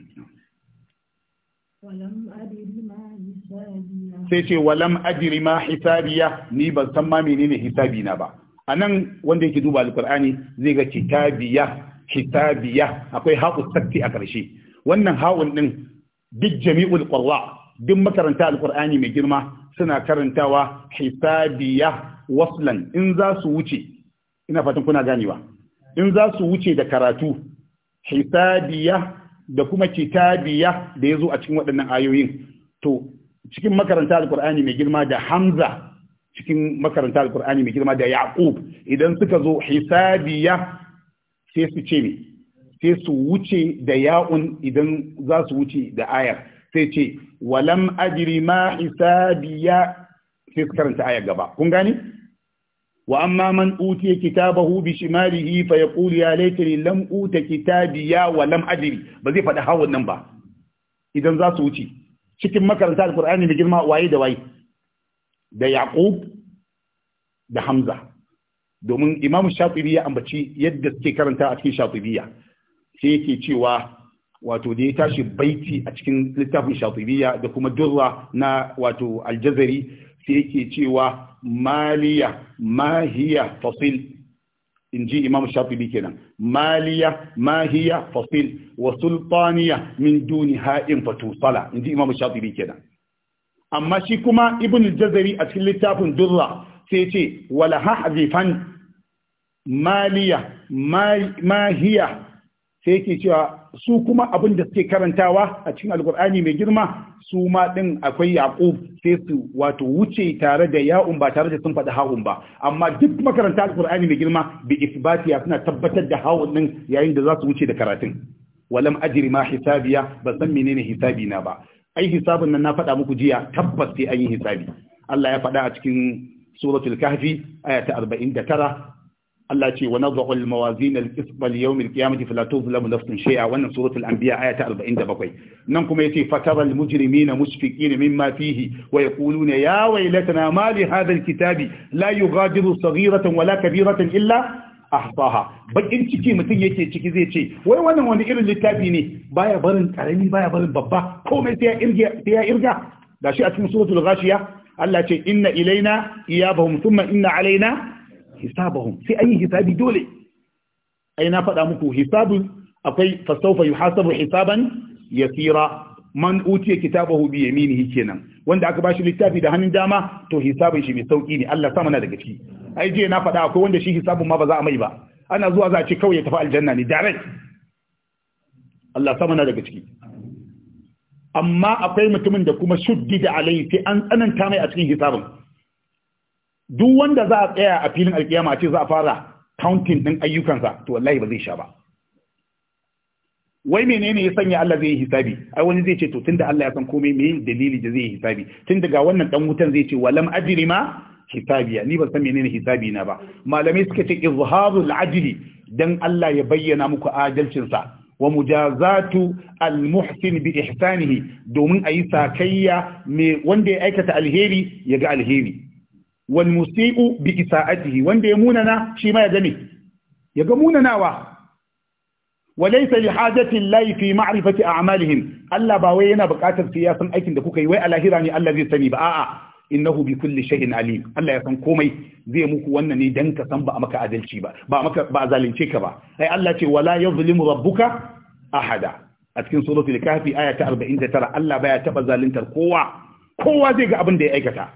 sai ce walam adri ma hisabiya ni ban san ma menene hisabi na ba anan wanda yake duba alqur'ani zai ga kitabiya kitabiya akwai haƙu sakti a ƙarshe wannan ha'un din duk jami'ul qurra duk makaranta alqur'ani mai girma suna karantawa hisabiya waslan in za su wuce ina fatan kuna ganewa in za su wuce da karatu hisabiya da kuma kitabiya da ya zo a cikin waɗannan ayoyin to cikin makaranta alkur'ani mai girma da hamza cikin makaranta alkur'ani mai girma da yaqub idan suka zo hisabiya sai su ce me sai su wuce da ya'un idan za su wuce da ayar sai ce walam ajri ma hisabiya sai su karanta ayar gaba kun gani وأما من أوتي كتابه بشماله فيقول يا ليتني لم أوت كتابيا ولم أدري بزي فدها والنبا إذا ذا wuce, cikin makaranta alkur'ani da girma waye da waye da yaqub da hamza domin imam shafi'i ya ambaci yadda suke karanta a cikin shafi'iyya sai yake cewa wato da ya tashi baiti a cikin littafin shafi'iyya da kuma durra na wato aljazari sai yake cewa maliya mahiya fasil in ji imam shafibi kenan maliya mahiya fasil wa sultaniya min duni ha'in fatusala in ji imam shafibi kenan amma shi kuma ibn jazari a cikin littafin durra sai ce wala hazifan maliya mahiya sai yake cewa su kuma abin da suke karantawa a cikin alkur'ani mai girma su ma din akwai yaqub sai su wato wuce tare da ya'un ba tare da sun faɗi ha'un ba amma duk makaranta alkur'ani mai girma bi isbatiya suna tabbatar da ha'un din yayin da za su wuce da karatun walam ajri ma hisabiya ba san menene hisabi na ba ai hisabin nan na faɗa muku jiya tabbas sai an yi hisabi Allah ya faɗa a cikin suratul kahfi aya ta 49 Allah ce wani nadhu al-mawazin al-qism al-yawm al-qiyamati fala tuzlamu nafsun shay'a wannan suratul anbiya aya ta 47 nan kuma yace fatara al-mujrimina mushfiqina mimma Wai wa ne ya waylatana ma li hadha kitabi la yughadiru saghiratan wala kabiratan illa ahsaha bakin ciki mutum yake ciki zai ce wai wannan wani irin littafi ne baya barin karami baya barin babba komai sai ya irga gashi a cikin suratul gashiya? Allah ce inna ilaina iyabahum thumma inna alaina hisabahum sai an yi hisabi dole ai na faɗa muku hisabun akwai fasaufa yuhasabu hisaban ya yasira man utiya kitabahu bi yaminihi kenan wanda aka ba shi littafi da hannun dama to hisabin shi mai sauƙi ne Allah sama na daga ciki ai je na faɗa akwai wanda shi hisabun ma ba za a mai ba ana zuwa za a ce kawai ya tafi aljanna ne dare, Allah sama na daga ciki amma akwai mutumin da kuma shuddida alai sai an tsananta mai a cikin hisabin duk wanda za a tsaya a filin alkiyama ce za a fara counting ɗin ayyukansa to wallahi ba zai sha ba wai menene ya sanya Allah zai yi hisabi ai wani zai ce to tunda Allah ya san komai me dalili da zai yi hisabi tun daga wannan dan wutan zai ce walam ajri ma hisabi ni ba san menene hisabi na ba malamai suka ce izharul ajli dan Allah ya bayyana muku adalcin sa wa mujazatu almuhsin bi ihsanihi domin ayi sakayya me wanda ya aikata alheri ya ga alheri wal musiu bi isa'atihi wanda ya munana shi ma ya ga ya ga munanawa walaysa li laifi, Allah fi ma'rifati a'malihim Allah ba wai yana buƙatar siyasan ya san aikin da kuka yi wai alahira ne Allah zai sani ba a'a innahu bi kulli shay'in alim Allah ya san komai zai muku wannan ne dan ka san ba a maka adalci ba ba maka ba zalunce ka ba ai Allah ce wala yuzlimu rabbuka ahada a cikin suratul kahfi aya ta 49 Allah baya taba zaluntar kowa kowa zai ga abin da ya aikata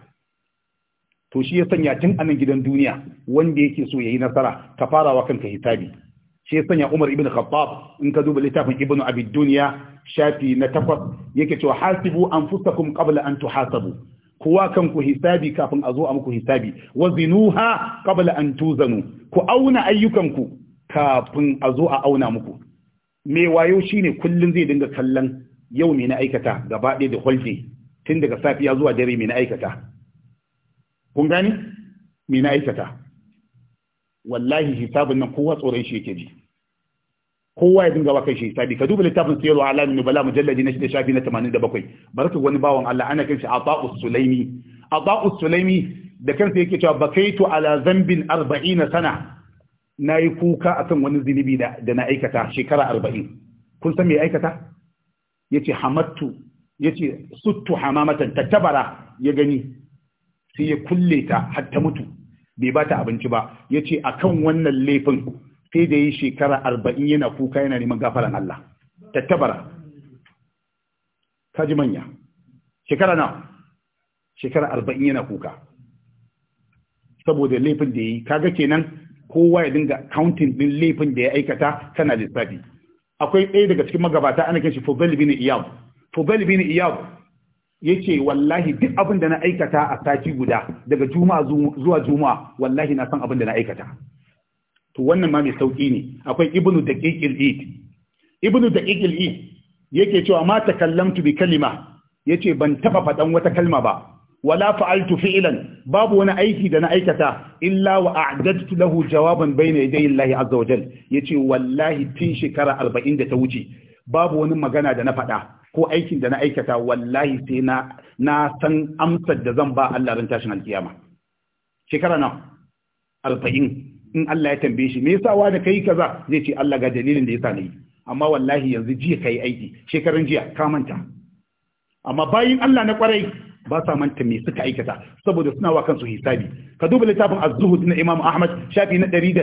to shi ya sanya tun anan gidan duniya wanda yake so yayi nasara ka farawa kanka hisabi shi ya sanya Umar ibn Khattab in ka duba littafin Ibn Abi Dunya shafi na takwas yake cewa hasibu anfusakum qabla an tuhasabu kuwa kanku hisabi kafin a zo a muku hisabi wazinuha qabla an tuzanu ku auna ayyukanku kafin a zo a auna muku me wayo shine kullun zai dinga kallon yau me na aikata gaba ɗaya da holde tun daga safiya zuwa dare me na aikata kun gani me na aikata wallahi hisabin nan kowa tsoron shi yake ji kowa ya dinga wa kai shi hisabi ka duba littafin sayarwa wa alamin nubala mujalladi na shida shafi na tamanin da bakwai. barka wani bawan Allah ana kan shi Ata'us Sulaimi Ata'us Sulaimi da kansa yake cewa bakaitu ala zambin 40 sana yi kuka a kan wani zinubi da na aikata shekara arba'in. kun san me aikata yace hamattu yace suttu hamamatan tattabara ya gani sai ya kulle ta har ta mutu bai ba ta abinci ba ya ce a kan wannan laifin sai da yi shekara arba'in yana kuka yana neman gafaran Allah tattabara kaji manya shekara na shekara arba'in yana kuka saboda laifin da ya yi kaga kenan kowa ya dinga kauntin din laifin da ya aikata kana lissafi akwai ɗaya daga cikin magabata ana kan shi fobel bin iyab fobel bin iyab yace wallahi duk abin da na aikata a sati guda daga juma'a zuwa juma'a wallahi na san abin da na aikata to wannan ma mai sauki ne akwai ibnu daqiqil id ibnu daqiqil id yake cewa ma takallamtu bi kalima yace ban taba fadan wata kalma ba wala fa'altu fi'lan babu wani aiki da na aikata illa wa a'dadtu lahu jawaban bayna yaday Allah azza Ya yace wallahi tin shekara 40 da ta wuce babu wani magana da na fada ko aikin da na aikata wallahi sai na na san amsar da zan ba Allah ran tashin alkiyama shekara na arba'in in Allah ya tambaye shi me yasa wani kai kaza zai ce Allah ga dalilin da yasa na yi amma wallahi yanzu jiya kai aiki shekaran jiya ka manta amma bayin Allah na kwarai ba sa manta me suka aikata saboda suna wa kansu hisabi ka duba littafin az-zuhud na Imam Ahmad shafi na 109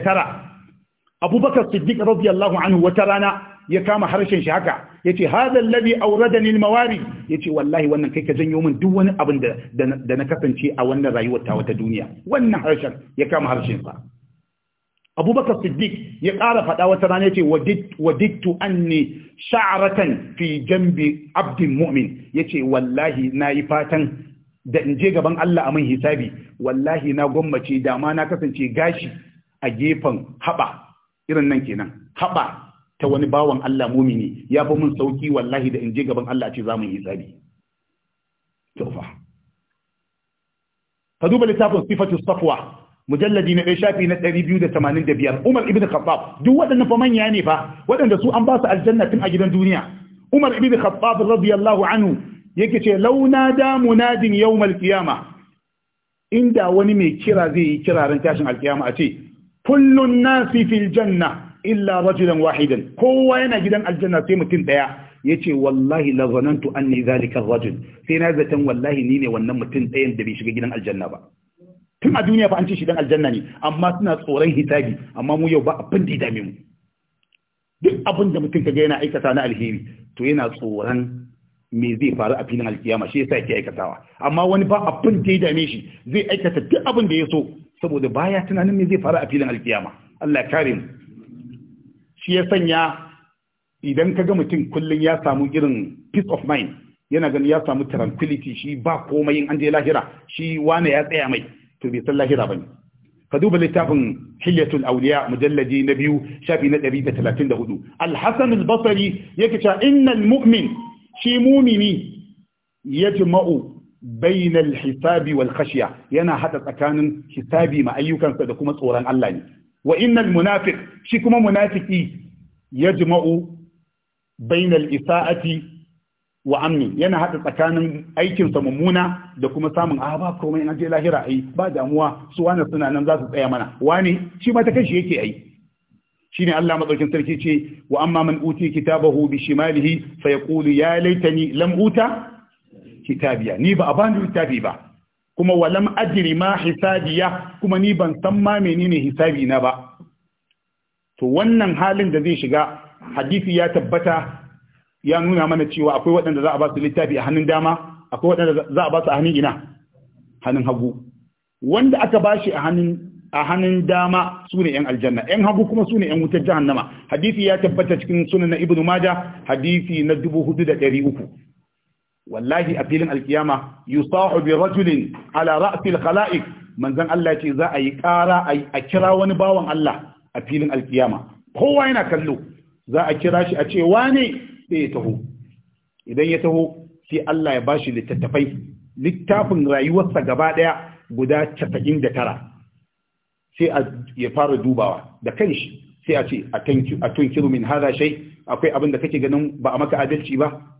Abubakar Siddiq radiyallahu anhu wata rana ya kama harshen shi haka yace hadha alladhi awradani almawari yace wallahi wannan kai ka janyo min duk wani abin da da na kasance a wannan rayuwar ta wata duniya wannan harshen ya kama harshen sa Abubakar Siddiq ya ƙara faɗa wata rana yace wadittu anni sha'ratan fi jambi abdin mu'min yace wallahi nayi fatan da in je gaban Allah a min hisabi wallahi na gwammace da ma na kasance gashi a gefen haɓa irin nan kenan haɓa ta wani bawan Allah mumini ya fi mun sauki wallahi da in je gaban Allah ce za mu yi hisabi tofa ka duba littafin sifatu safwa mujalladi na ɗaya shafi na ɗari biyu da tamanin da biyar umar ibn khattab duk waɗannan fa manya ne fa waɗanda su an ba su aljanna tun a gidan duniya umar ibn khattab radiyallahu anhu yake ce launa da munadin yawmal qiyama inda wani mai kira zai yi kiraren tashin alkiyama a ce kullun nasi fil janna illa rajulan wahidan kowa yana gidan aljanna sai mutum daya yace wallahi la zanantu anni zalika rajul sai na zatan wallahi ni ne wannan mutum dayan da bai shiga gidan aljanna ba tun a duniya fa an ce shi dan aljanna ne amma suna tsoron hisabi amma mu yau ba abin da ya dame mu duk abin da mutum kaga yana aikata na alheri to yana tsoron me zai faru a filin alkiyama shi yasa yake aikatawa amma wani ba abin da ya dame shi zai aikata duk abin da ya so saboda baya tunanin me zai faru a filin alkiyama Allah ya kare mu shi ya sanya idan ka ga mutum kullum ya samu irin peace of mind yana gani ya samu tranquility shi ba komai in an je lahira shi wane ya tsaya mai to bai san lahira bane ka duba littafin hilyatul awliya mujalladi na biyu shafi na 134 al-hasan al-basri yake cewa innal mu'min shi mumini yajma'u bainal hisabi wal khashiya yana hada tsakanin hisabi ma ayyukansa da kuma tsoron Allah ne wa innal shi kuma munafiki yajma'u bainal isa'ati wa amni yana hada tsakanin aikin sa mummuna da kuma samun a ah, ba komai na je lahira ai ba damuwa su wani suna nan za su tsaya mana wani shi ma ta kashi yake ai shine Allah madaukin sarki ce wa amma man uti kitabahu bi shimalihi fa yaqulu ya laitani lam uta kitabiya ni ba a bani littafi ba kuma walam ajri ma hisabiya kuma ni ban san ma menene hisabi na ba to wannan halin da zai shiga hadisi ya tabbata ya nuna mana cewa akwai waɗanda za a ba su littafi a hannun dama akwai waɗanda za a ba su a hannun ina hannun hagu wanda aka ba shi a hannun dama su ne 'yan aljanna 'yan hagu kuma su ne 'yan wutar jahannama hadisi ya tabbata cikin sunan na ibnu maja hadisi na uku. wallahi a filin alkiyama yusahu bi rajulin ala ra'sil khalaiq manzon Allah ce za a yi kara a kira wani bawan Allah a filin alkiyama kowa yana kallo za a kira shi a ce wane sai ya taho idan ya taho sai Allah ya bashi littattafai littafin rayuwarsa gaba daya guda 99 sai ya fara dubawa da kanshi sai a ce a tunkiru min hada shay akwai abin da kake ganin ba a maka adalci ba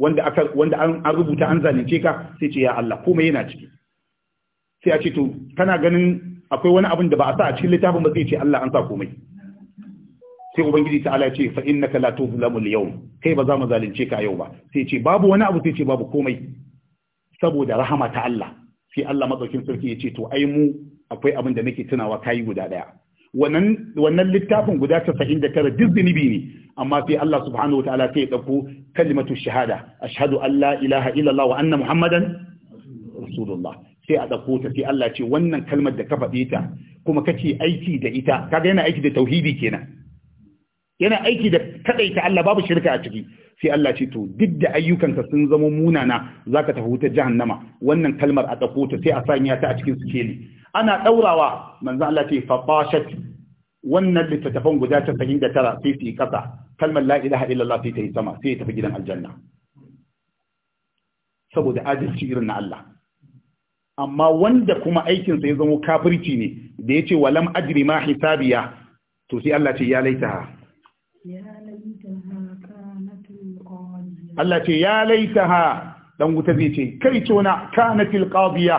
wanda aka wanda an rubuta an zalunce ka sai ce ya Allah komai yana ciki sai a ce to kana ganin akwai wani abin da ba a sa a cikin littafin ba zai ce Allah an sa komai sai ubangiji ta ya ce fa innaka la tuzlamu al-yawm kai ba za mu zalunce ka yau ba sai ce babu wani abu sai ce babu komai saboda rahama ta Allah sai Allah madaukin sarki ya ce to ai mu akwai abin da nake tunawa kai guda daya wannan wannan littafin guda 99 duk bi ne amma sai Allah subhanahu wataala sai ya dauko kalimatu shahada ashhadu an la ilaha illallah wa anna muhammadan rasulullah sai a dauko ta sai Allah ce wannan kalmar da ka faɗi ta kuma kace aiki da ita kaga yana aiki da tauhidi kenan yana aiki da kadaita Allah babu shirka a ciki sai Allah ce to duk da ayyukanka sun zama munana zaka tafi wutar jahannama wannan kalmar a dauko ta sai a sanya ta a cikin sikeli ana ɗaurawa manzo Allah ce faqashat wannan littattafan guda tara sai su yi kasa kalmar la ilaha illallah sai ta yi sama sai ya tafi gidan aljanna saboda adalci irin na Allah amma wanda kuma aikin sa ya zama kafirci ne da yace walam ajri ma hisabiya to sai Allah ce ya laitaha Allah ce ya laitaha dan wuta zai ce kai ce wana kanatil qadiya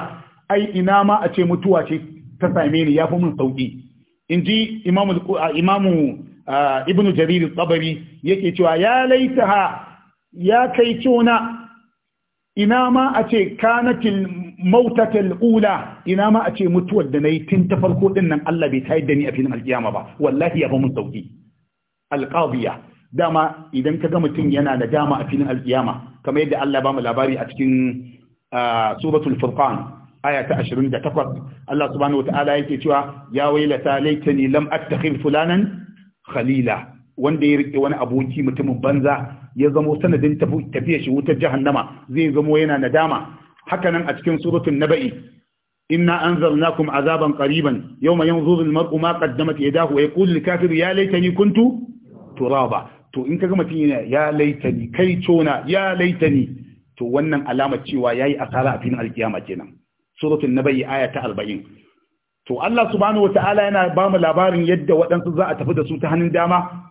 ai ina ma a ce mutuwa ce ta same ni yafi mun sauki inji imamu imamu ibn jarir tabari yake cewa ya laitaha ya kai cona ina ma a ce kanatil ula ina ma a ce mutuwar da nayi tun ta farko din nan Allah bai tayar da ni a filin alkiyama ba wallahi ya ba mun sauki alqadiya dama idan kaga mutum yana da dama a filin alkiyama kamar yadda Allah ba mu labari a cikin suratul furqan aya ta 28 Allah subhanahu wataala yake cewa ya wailata laitani lam attakhir fulanan khalila wanda ya rike wani aboki mutumin banza ya zamo sanadin tafiya shi wutar jahannama zai zamo yana nadama haka nan a cikin suratul naba'i inna anzalnakum azaban qariban yawma yanzuru almar'u ma qaddamat yadahu wa yaqulu lilkafiri ya laitani kuntu turaba to in kaga mutum yana ya laitani kai cona ya laitani to wannan alamar cewa yayi asara a filin alkiyama kenan suratul naba'i aya ta 40 to Allah subhanahu wataala yana bamu labarin yadda waɗansu za a tafi da su ta hannun dama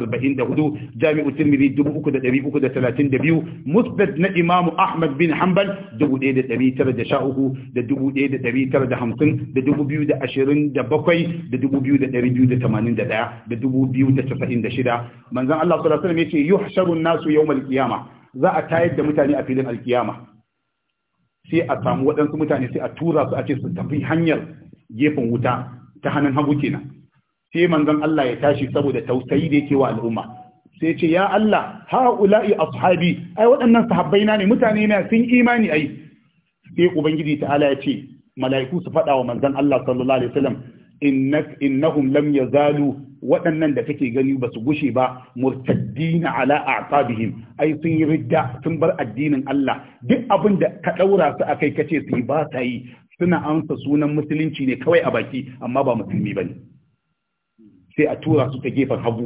arba'in da hudu jami'u tirmidhi dubu uku da ɗari uku da talatin da biyu musnad na imamu ahmad bin hanbal dubu ɗaya da ɗari tara da sha uku da dubu ɗaya da ɗari tara da hamsin da dubu biyu da ashirin da bakwai da dubu biyu da ɗari biyu da tamanin da ɗaya da dubu biyu da da shida manzon Allah sallallahu alaihi wasallam ya ce nasu yawmal qiyama za a tayar da mutane a filin alkiyama sai a samu waɗansu mutane sai a tura su a ce su tafi hanyar gefen wuta ta hannun hagu kenan sai manzon Allah ya tashi saboda tausayi da yake wa al'umma sai ce ya Allah ulai ashabi ai waɗannan sahabbai na ne mutane na sun imani ai sai ubangiji ta'ala ya ce mala'iku su faɗa wa manzon Allah sallallahu alaihi wasallam innak innahum lam yazalu waɗannan da kake gani ba su gushe ba murtaddina ala a'qabihim ai sun yi ridda sun bar addinin Allah duk abin da ka daura su akai kace su yi ba ta yi suna amsa sunan musulunci ne kawai a baki amma ba musulmi bane sai a tura su ta gefen hagu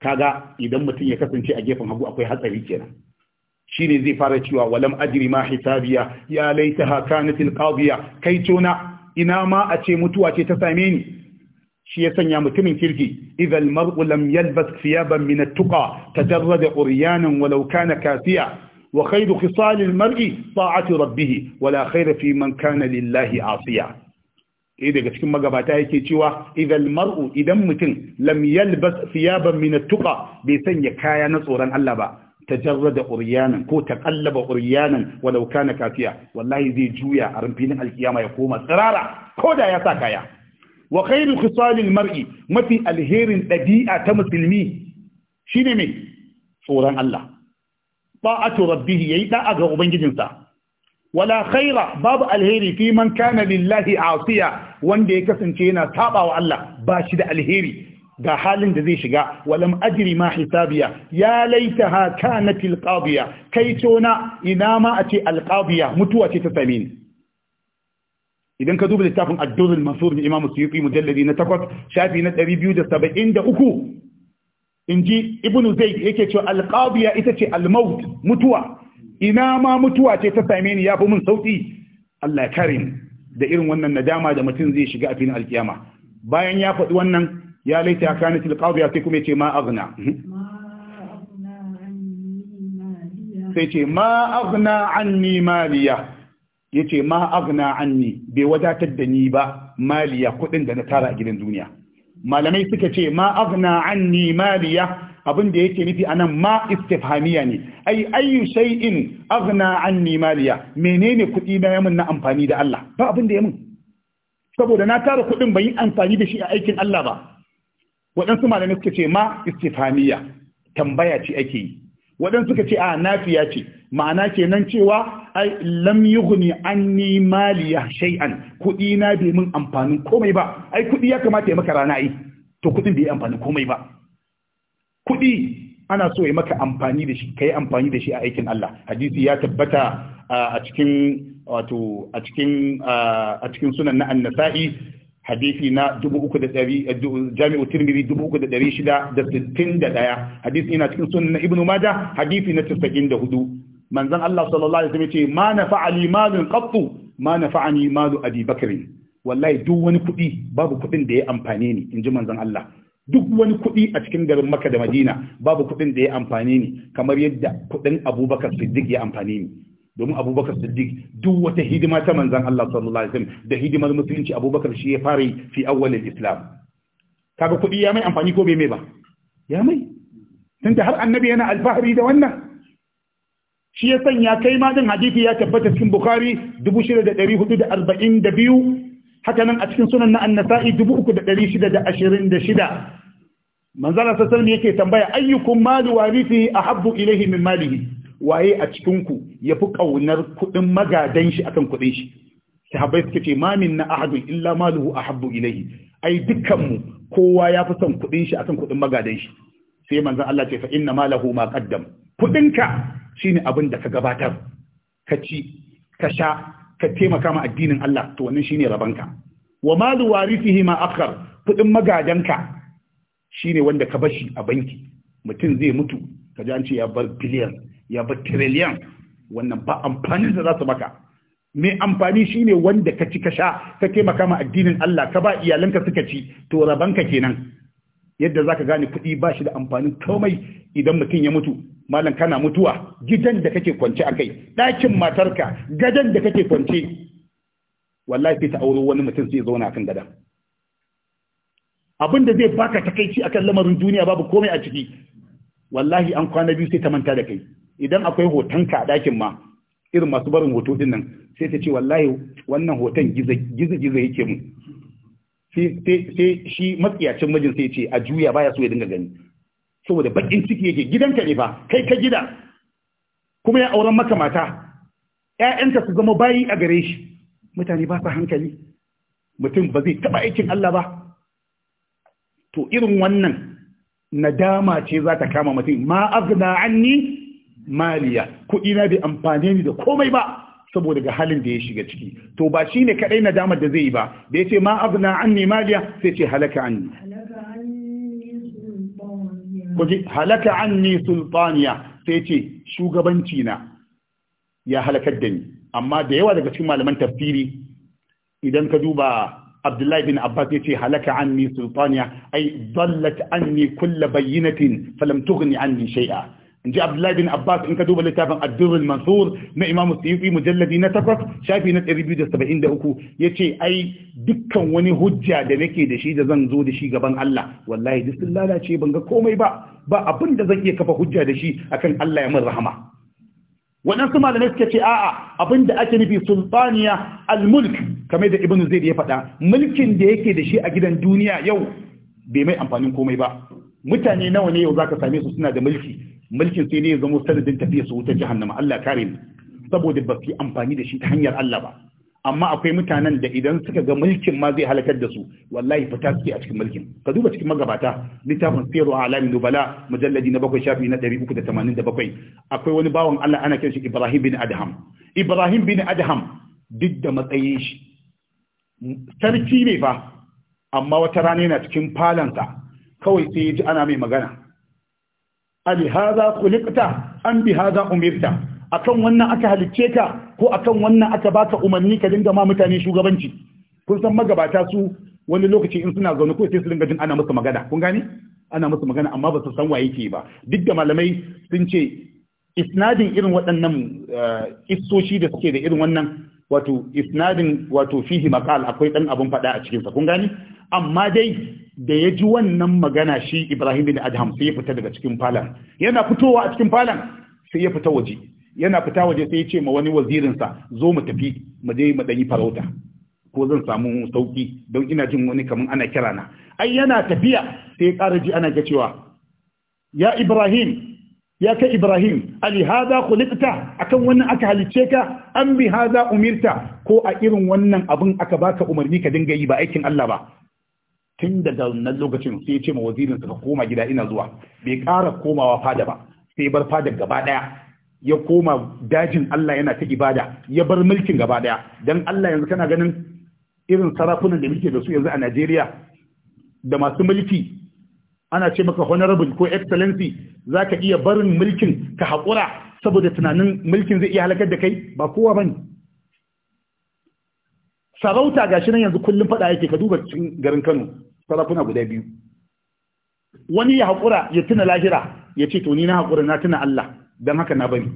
kaga idan mutum ya kasance a gefen hagu akwai hatsari kenan shine zai fara cewa walam ajri ma hisabiya ya laitaha kanat alqadiya kai tona ina ma a ce mutuwa ce ta same ni shi ya sanya mutumin kirki idhal mar'u lam yalbas thiyaban min at-tuqa tajarrada uryanan walau kana kasiya wa khayru khisal al-mar'i ta'atu rabbih wala khayra fi man kana lillahi asiya eh daga cikin magabata yake cewa idan mar'u idan mutum lam yalbas thiyaban min at-tuqa bai sanya kaya na tsoron Allah ba tajarrada uryanan ko taqallaba uryanan walau kana kafiya wallahi zai juya a rumfinin alkiyama ya koma tsirara ko da ya sa kaya wa khairu khisalil mar'i mafi alherin dabi'a ta musulmi shine me tsoron Allah ba'atu rabbih yayi da'a ga ubangijinsa wala khaira babu alheri fi man kana lillahi asiya wanda ya kasance yana saɓawa Allah ba shi da alheri ga halin da zai shiga walam ajri ma hisabiya ya laitaha kanat alqadiya kai tona ina ma a ce alqadiya mutuwa ce ta same idan ka duba littafin ad-dur al-mansur ni imam suyuti mujalladi na 8 shafi na 273 inji ibnu zaid yake cewa alqadiya ita ce al-maut mutuwa ina ma mutuwa ce ta same ni yafi mun sauki Allah ya kare da irin wannan nadama da mutum zai shiga a filin alkiyama bayan ya faɗi wannan ya laita ya kana tilqadiya sai kuma yace ma aghna sai ce ma aghna anni maliya yace ma aghna anni bai wadatar da ni ba maliya kuɗin da na tara a gidan duniya malamai suka ce ma aghna anni maliya abin da yake nufi anan ma istifhamiya ne ai ayyu shay'in aghna anni maliya menene kudi na yamin na amfani da Allah ba abin da yamin saboda na tara kuɗin ban yi amfani da shi a aikin Allah ba waɗansu malamai suka ce ma istifhamiya tambaya ce ake yi waɗansu suka ce a nafiya ce ma'ana kenan cewa ai lam yughni anni maliya shay'an kuɗi na bai min amfanin komai ba ai kuɗi ya kamata ya maka rana ai to kuɗin bai amfani komai ba kuɗi ana so ya maka amfani da shi ka yi amfani da shi a aikin Allah hadisi ya tabbata a cikin wato a cikin a cikin sunan na an-nasa'i hadisi na 3,000 eh, jami'u tirmidhi ɗaya. hadisi na cikin sunan na ibnu majah hadisi na da 94 manzon Allah sallallahu alaihi wasallam ya ce ma nafa'ali malun qattu ma nafa'ani malu abi bakr wallahi duk wani kuɗi babu kuɗin da ya amfane ni inji manzon Allah duk wani kuɗi a cikin garin Makka da Madina babu kuɗin da ya amfani ni kamar yadda kuɗin Abubakar Siddiq ya amfani ni domin Abubakar Siddiq duk wata hidima ta manzon Allah sallallahu alaihi wasallam da hidimar musulunci Abubakar shi ya fara fi awwalil Islam kaga kuɗi ya mai amfani ko bai mai ba ya mai tunda har annabi yana alfahari da wannan shi ya sanya kai ma din hadisi ya tabbata cikin Bukhari 6442 haka nan a cikin sunan na annasa'i 3626 manzala sassan yake tambaya ayyukun mali a ahabbu ilaihi min malihi waye a cikin ku yafi kaunar kuɗin magadan shi akan kuɗin shi sahabbai suka ce ma na ahadun illa maluhu habbu ilaihi ai dukkanmu kowa kowa yafi son kuɗin shi akan kuɗin magadan shi sai Manzan Allah ce fa inna malahu ma qaddam kudinka shine abin da ka gabatar ka ci ka sha ka taimaka ma addinin Allah to wannan shine rabanka wa malu warithihi ma akhar kudin magajanka, shine wanda ka bashi a banki mutum zai mutu ka ji an ce ya bar biliyan ya bar trillion wannan ba amfanin da za su baka mai amfani shine wanda ka ci ka sha ka taimaka ma addinin Allah ka ba iyalanka suka ci to rabanka kenan yadda zaka gane kuɗi ba shi da amfanin komai idan mutum ya mutu malam kana mutuwa gidan da kake kwance a kai ɗakin matarka gadon da kake kwance wallahi sai ta auro wani mutum sai zauna akan gadon abin da zai baka takaici akan lamarin duniya babu komai a ciki wallahi an kwana biyu sai ta manta da kai idan akwai hotonka a ɗakin ma irin masu barin hoto din nan sai ta ce wallahi wannan hoton gizo-gizo gizo yake mu sai shi matsiyacin majin sai ce a juya baya so ya dinga gani saboda bakin ciki yake gidanka ne fa kai ka gida kuma ya auren maka mata ƴaƴanka su zama bayi a gare shi mutane ba sa hankali mutum ba zai taba aikin Allah ba to irin wannan nadama ce za ta kama mutum ma aghna anni maliya kuɗi na bai amfane ni da komai ba saboda ga halin da ya shiga ciki to ba shine kadai nadamar da zai yi ba da yace ma aghna anni maliya sai ce halaka anni kuji halaka anni sultaniya sai ce shugabanci na ya halakar da ni amma da yawa daga cikin malaman tafsiri idan ka duba Abdullahi bin Abbas ce halaka anni sultaniya ai dallat anni kulla bayyinatin falam tughni anni shay'a in ji abdullahi bin abbas in ka duba littafin addurul mansur na imamu suyufi mujalladi na takwas shafi na saba'in 273 ya ce ai dukkan wani hujja da nake da shi da zan zo da shi gaban allah wallahi duk sun lalace ban ga komai ba ba abin zan iya kafa hujja da shi akan allah ya mun rahama waɗansu malamai suka ce a'a abin da ake nufi sultaniya al-mulk kamar da ibnu zaid ya faɗa mulkin da yake da shi a gidan duniya yau bai mai amfanin komai ba mutane nawa ne yau zaka same su suna da mulki mulkin sai ne ya zama sanadin tafiya su wutar jahannama Allah kare mu saboda ba su amfani da shi ta hanyar Allah ba amma akwai mutanen da idan suka ga mulkin ma zai halakar da su wallahi fita suke a cikin mulkin ka duba cikin magabata littafin siru alamin nubala mujalladi na bakwai shafi na 387 akwai wani bawan Allah ana kiran shi Ibrahim bin Adham Ibrahim bin Adham duk da matsayin shi sarki ne ba. amma wata rana yana cikin falansa kawai sai ya ji ana mai magana ali haza kulikta an bi haza umirta akan wannan aka halicce ka ko akan wannan aka baka umarni ka dinga ma mutane shugabanci kun san magabata su wani lokaci in suna zaune ko sai su dinga jin ana musu magana kun gane ana musu magana amma ba su san waye ke ba duk da malamai sun ce isnadin irin waɗannan eh, istoci da suke da irin wannan wato isnadin wato fihi maqal akwai dan abun faɗa a cikin sa kun gane amma dai da ya ji wannan magana shi Ibrahim bin Adham sai ya fita daga cikin falon yana fitowa a cikin falon sai ya fita waje yana fita waje sai ya ce ma wani wazirinsa zo mu tafi mu je mu farauta ko zan samu sauki don ina jin wani kaman ana kira na ai yana tafiya sai ya ƙara ji ana ga cewa ya Ibrahim ya kai Ibrahim ali hada khuliqta akan wannan aka halice ka an bi hada umirta ko a irin wannan abin aka baka umarni ka dinga yi ba aikin Allah ba tun daga wannan lokacin sai ya ce ma wazirinsa ka koma gida ina zuwa bai ƙara komawa fada ba sai bar fada gaba ɗaya ya koma dajin Allah yana ta ibada ya bar mulkin gaba ɗaya dan Allah yanzu kana ganin irin sarakunan da muke da su yanzu a Najeriya da masu mulki ana ce maka honorable ko excellency zaka iya barin mulkin ka haƙura saboda tunanin mulkin zai iya halakar da kai ba kowa bane sarauta ga shi nan yanzu kullum faɗa yake ka duba cikin garin Kano sarakuna guda biyu wani ya haƙura ya tuna lahira ya ce to ni na haƙura na tuna Allah don haka na bari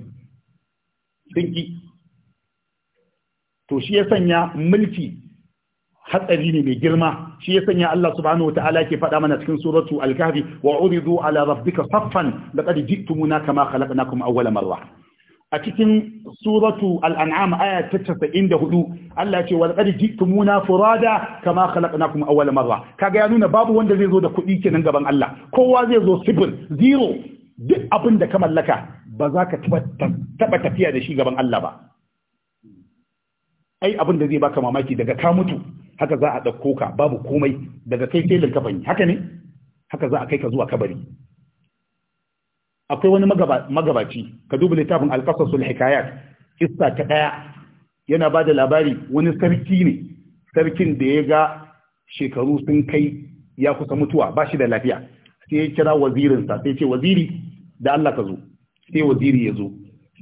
dinki to shi ya sanya mulki hatsari ne mai girma shi ya sanya Allah subhanahu Ta'ala ke faɗa mana cikin suratu al-kahfi wa uridu ala rabbika saffan laqad ji'tumuna kama khalaqnakum awwala marra a cikin suratu al'an'am aya ta casa'in da hudu Allah ce wa zaƙar jitumuna furada kama na kuma awal marra kaga ya nuna babu wanda zai zo da kuɗi kenan gaban Allah kowa zai zo sifil zero duk abin da ka mallaka ba za ka taɓa tafiya da shi gaban Allah ba ai abin da zai baka mamaki daga ka mutu haka za a ɗauko ka babu komai daga kai sai linkafani haka ne haka za a kai ka zuwa kabari akwai wani magabaci ka duba littafin alkasasul hikayat kissa ta daya yana ba da labari wani sarki ne sarkin da ya ga shekaru sun kai ya kusa mutuwa ba shi da lafiya sai ya kira wazirinsa sai ce waziri da Allah ka zo sai waziri ya zo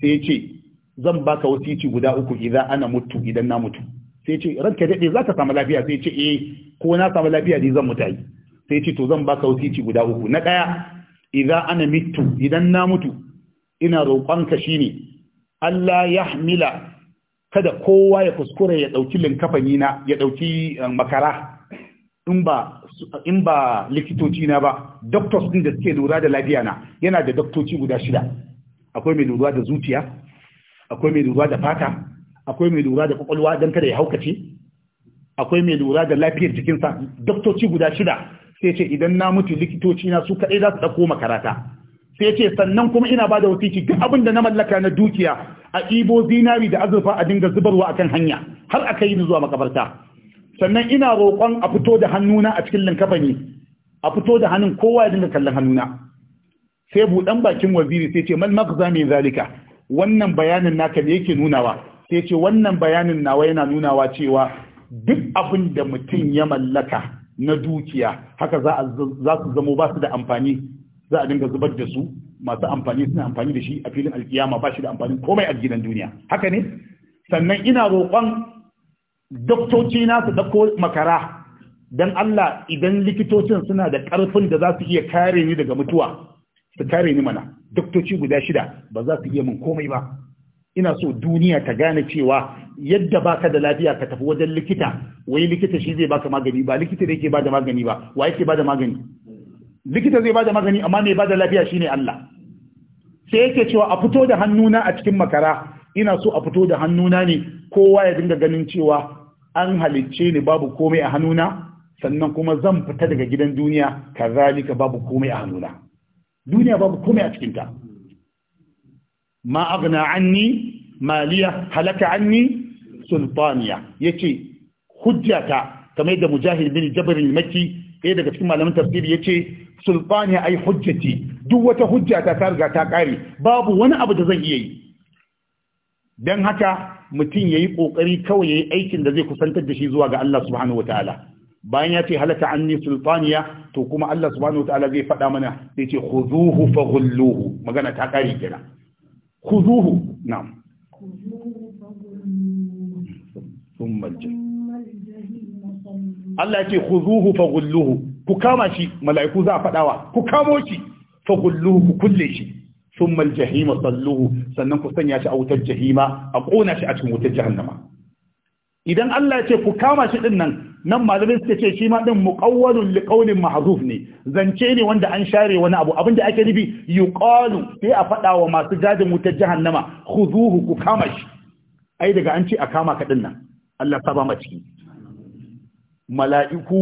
sai ya ce zan baka wasici guda uku idan ana mutu idan na mutu sai ce ranka daɗe za ka samu lafiya sai ce eh ko na samu lafiya ne zan mutu sai ce to zan baka wasici guda uku na ɗaya idza ana mitu idan na mutu ina roƙonka shine Allah ya hamila kada kowa ya kuskure ya ɗauki linkafani na ya ɗauki eh, makara in ba in ba likitoci na ba doctors din da suke lura da lafiya na yana da doktoci guda shida akwai mai lura da zuciya akwai mai lura da fata akwai mai lura da kwakwalwa dan kada ya haukace akwai mai lura da lafiyar jikinsa doktoci guda shida sai ce idan na mutu likitoci na su kaɗai za su ɗauko makarata sai ce sannan kuma ina ba da wasici duk abin da na mallaka na dukiya a ibo zinari da azurfa a dinga zubarwa akan hanya har aka yi zuwa makabarta sannan ina roƙon a fito da hannuna a cikin linkafani a fito da hannun kowa ya dinga kallon hannuna sai buɗan bakin waziri sai ce mal magza mai zalika wannan bayanin naka ne yake nunawa sai ce wannan bayanin nawa yana nunawa cewa duk abin da mutum ya mallaka na dukiya haka za su zamo ba su da amfani za a dinga zubar da su masu amfani suna amfani da shi a filin alkiyama ba shi da amfanin komai a gidan duniya haka ne sannan ina roƙon doktoci na su dauko makara don Allah idan likitocin suna da ƙarfin da za su iya kare ni daga mutuwa su kare ni mana doktoci guda shida ba za su iya min komai ba ina so duniya ta gane cewa yadda baka da lafiya ka tafi wajen likita wai likita shi zai baka magani ba likita ne yake bada magani ba wa yake bada magani likita zai bada magani amma mai bada lafiya shine Allah sai yake cewa a fito da hannuna a cikin makara ina so a fito da hannuna ne kowa ya dinga ganin cewa an halicce ni babu komai a hannuna sannan kuma zan fita daga gidan duniya kazalika babu komai a hannuna duniya babu komai a cikinta ma aghna anni maliya halaka anni sultaniya yace hujjata kamar da mujahid bin jabr al ɗaya daga cikin malaman tafsiri yace sultaniya ai hujjati duk wata hujjata ta riga ta kare babu wani abu da zan iya yi dan haka mutum yayi ƙoƙari kawai ya yi aikin da zai kusantar da shi zuwa ga Allah subhanahu ta'ala bayan ya ce an anni sultaniya to kuma Allah subhanahu ta'ala zai faɗa mana sai ce khuzuhu faghulluhu magana ta kare kenan khuzuhu na'am khuzuhu ثم الجحيم الله يتي خذوه فغلوه كما شي ملائكه ذا فداوا fa gulluhu ku kulle shi ثم الجحيم صلوه sannan ku sanya shi a wutar jahima a kona shi a cikin wutar jahannama idan Allah ya ce ku kama shi din nan nan malamin suka ce shi ma din muqawwalun liƙaunin mahzuf ne zance ne wanda an share wani abu da ake nufi yuqalu sai a fada wa masu gadin wutar jahannama khuzuhu ku kama shi ai daga an ce a kama ka nan Allah saba ma ciki mala'iku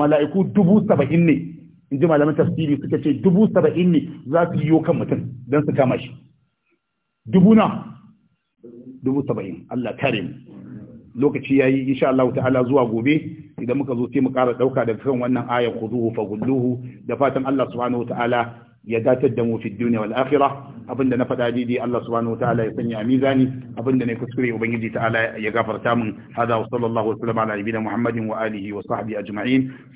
mala'iku dubu saba'in ne in ji malamin tafsiri suka ce dubu saba'in ne za su yiwo kan mutum don su kama shi dubu na dubu saba'in Allah kare mu lokaci ya yi insha Allah ta'ala zuwa gobe idan muka zo sai mu ƙara ɗauka daga kan wannan ayan ayar fa gulluhu. da fatan Allah subhanahu wa ta'ala ya datar da mu fi duniya wal akhirah abinda na faɗa didi Allah subhanahu wataala ya sanya a mizani abinda na kuskure ubangiji ta'ala ya gafarta min hada wa sallallahu alaihi wa sallam ala nabiyina muhammadin wa alihi wa sahbihi ajma'in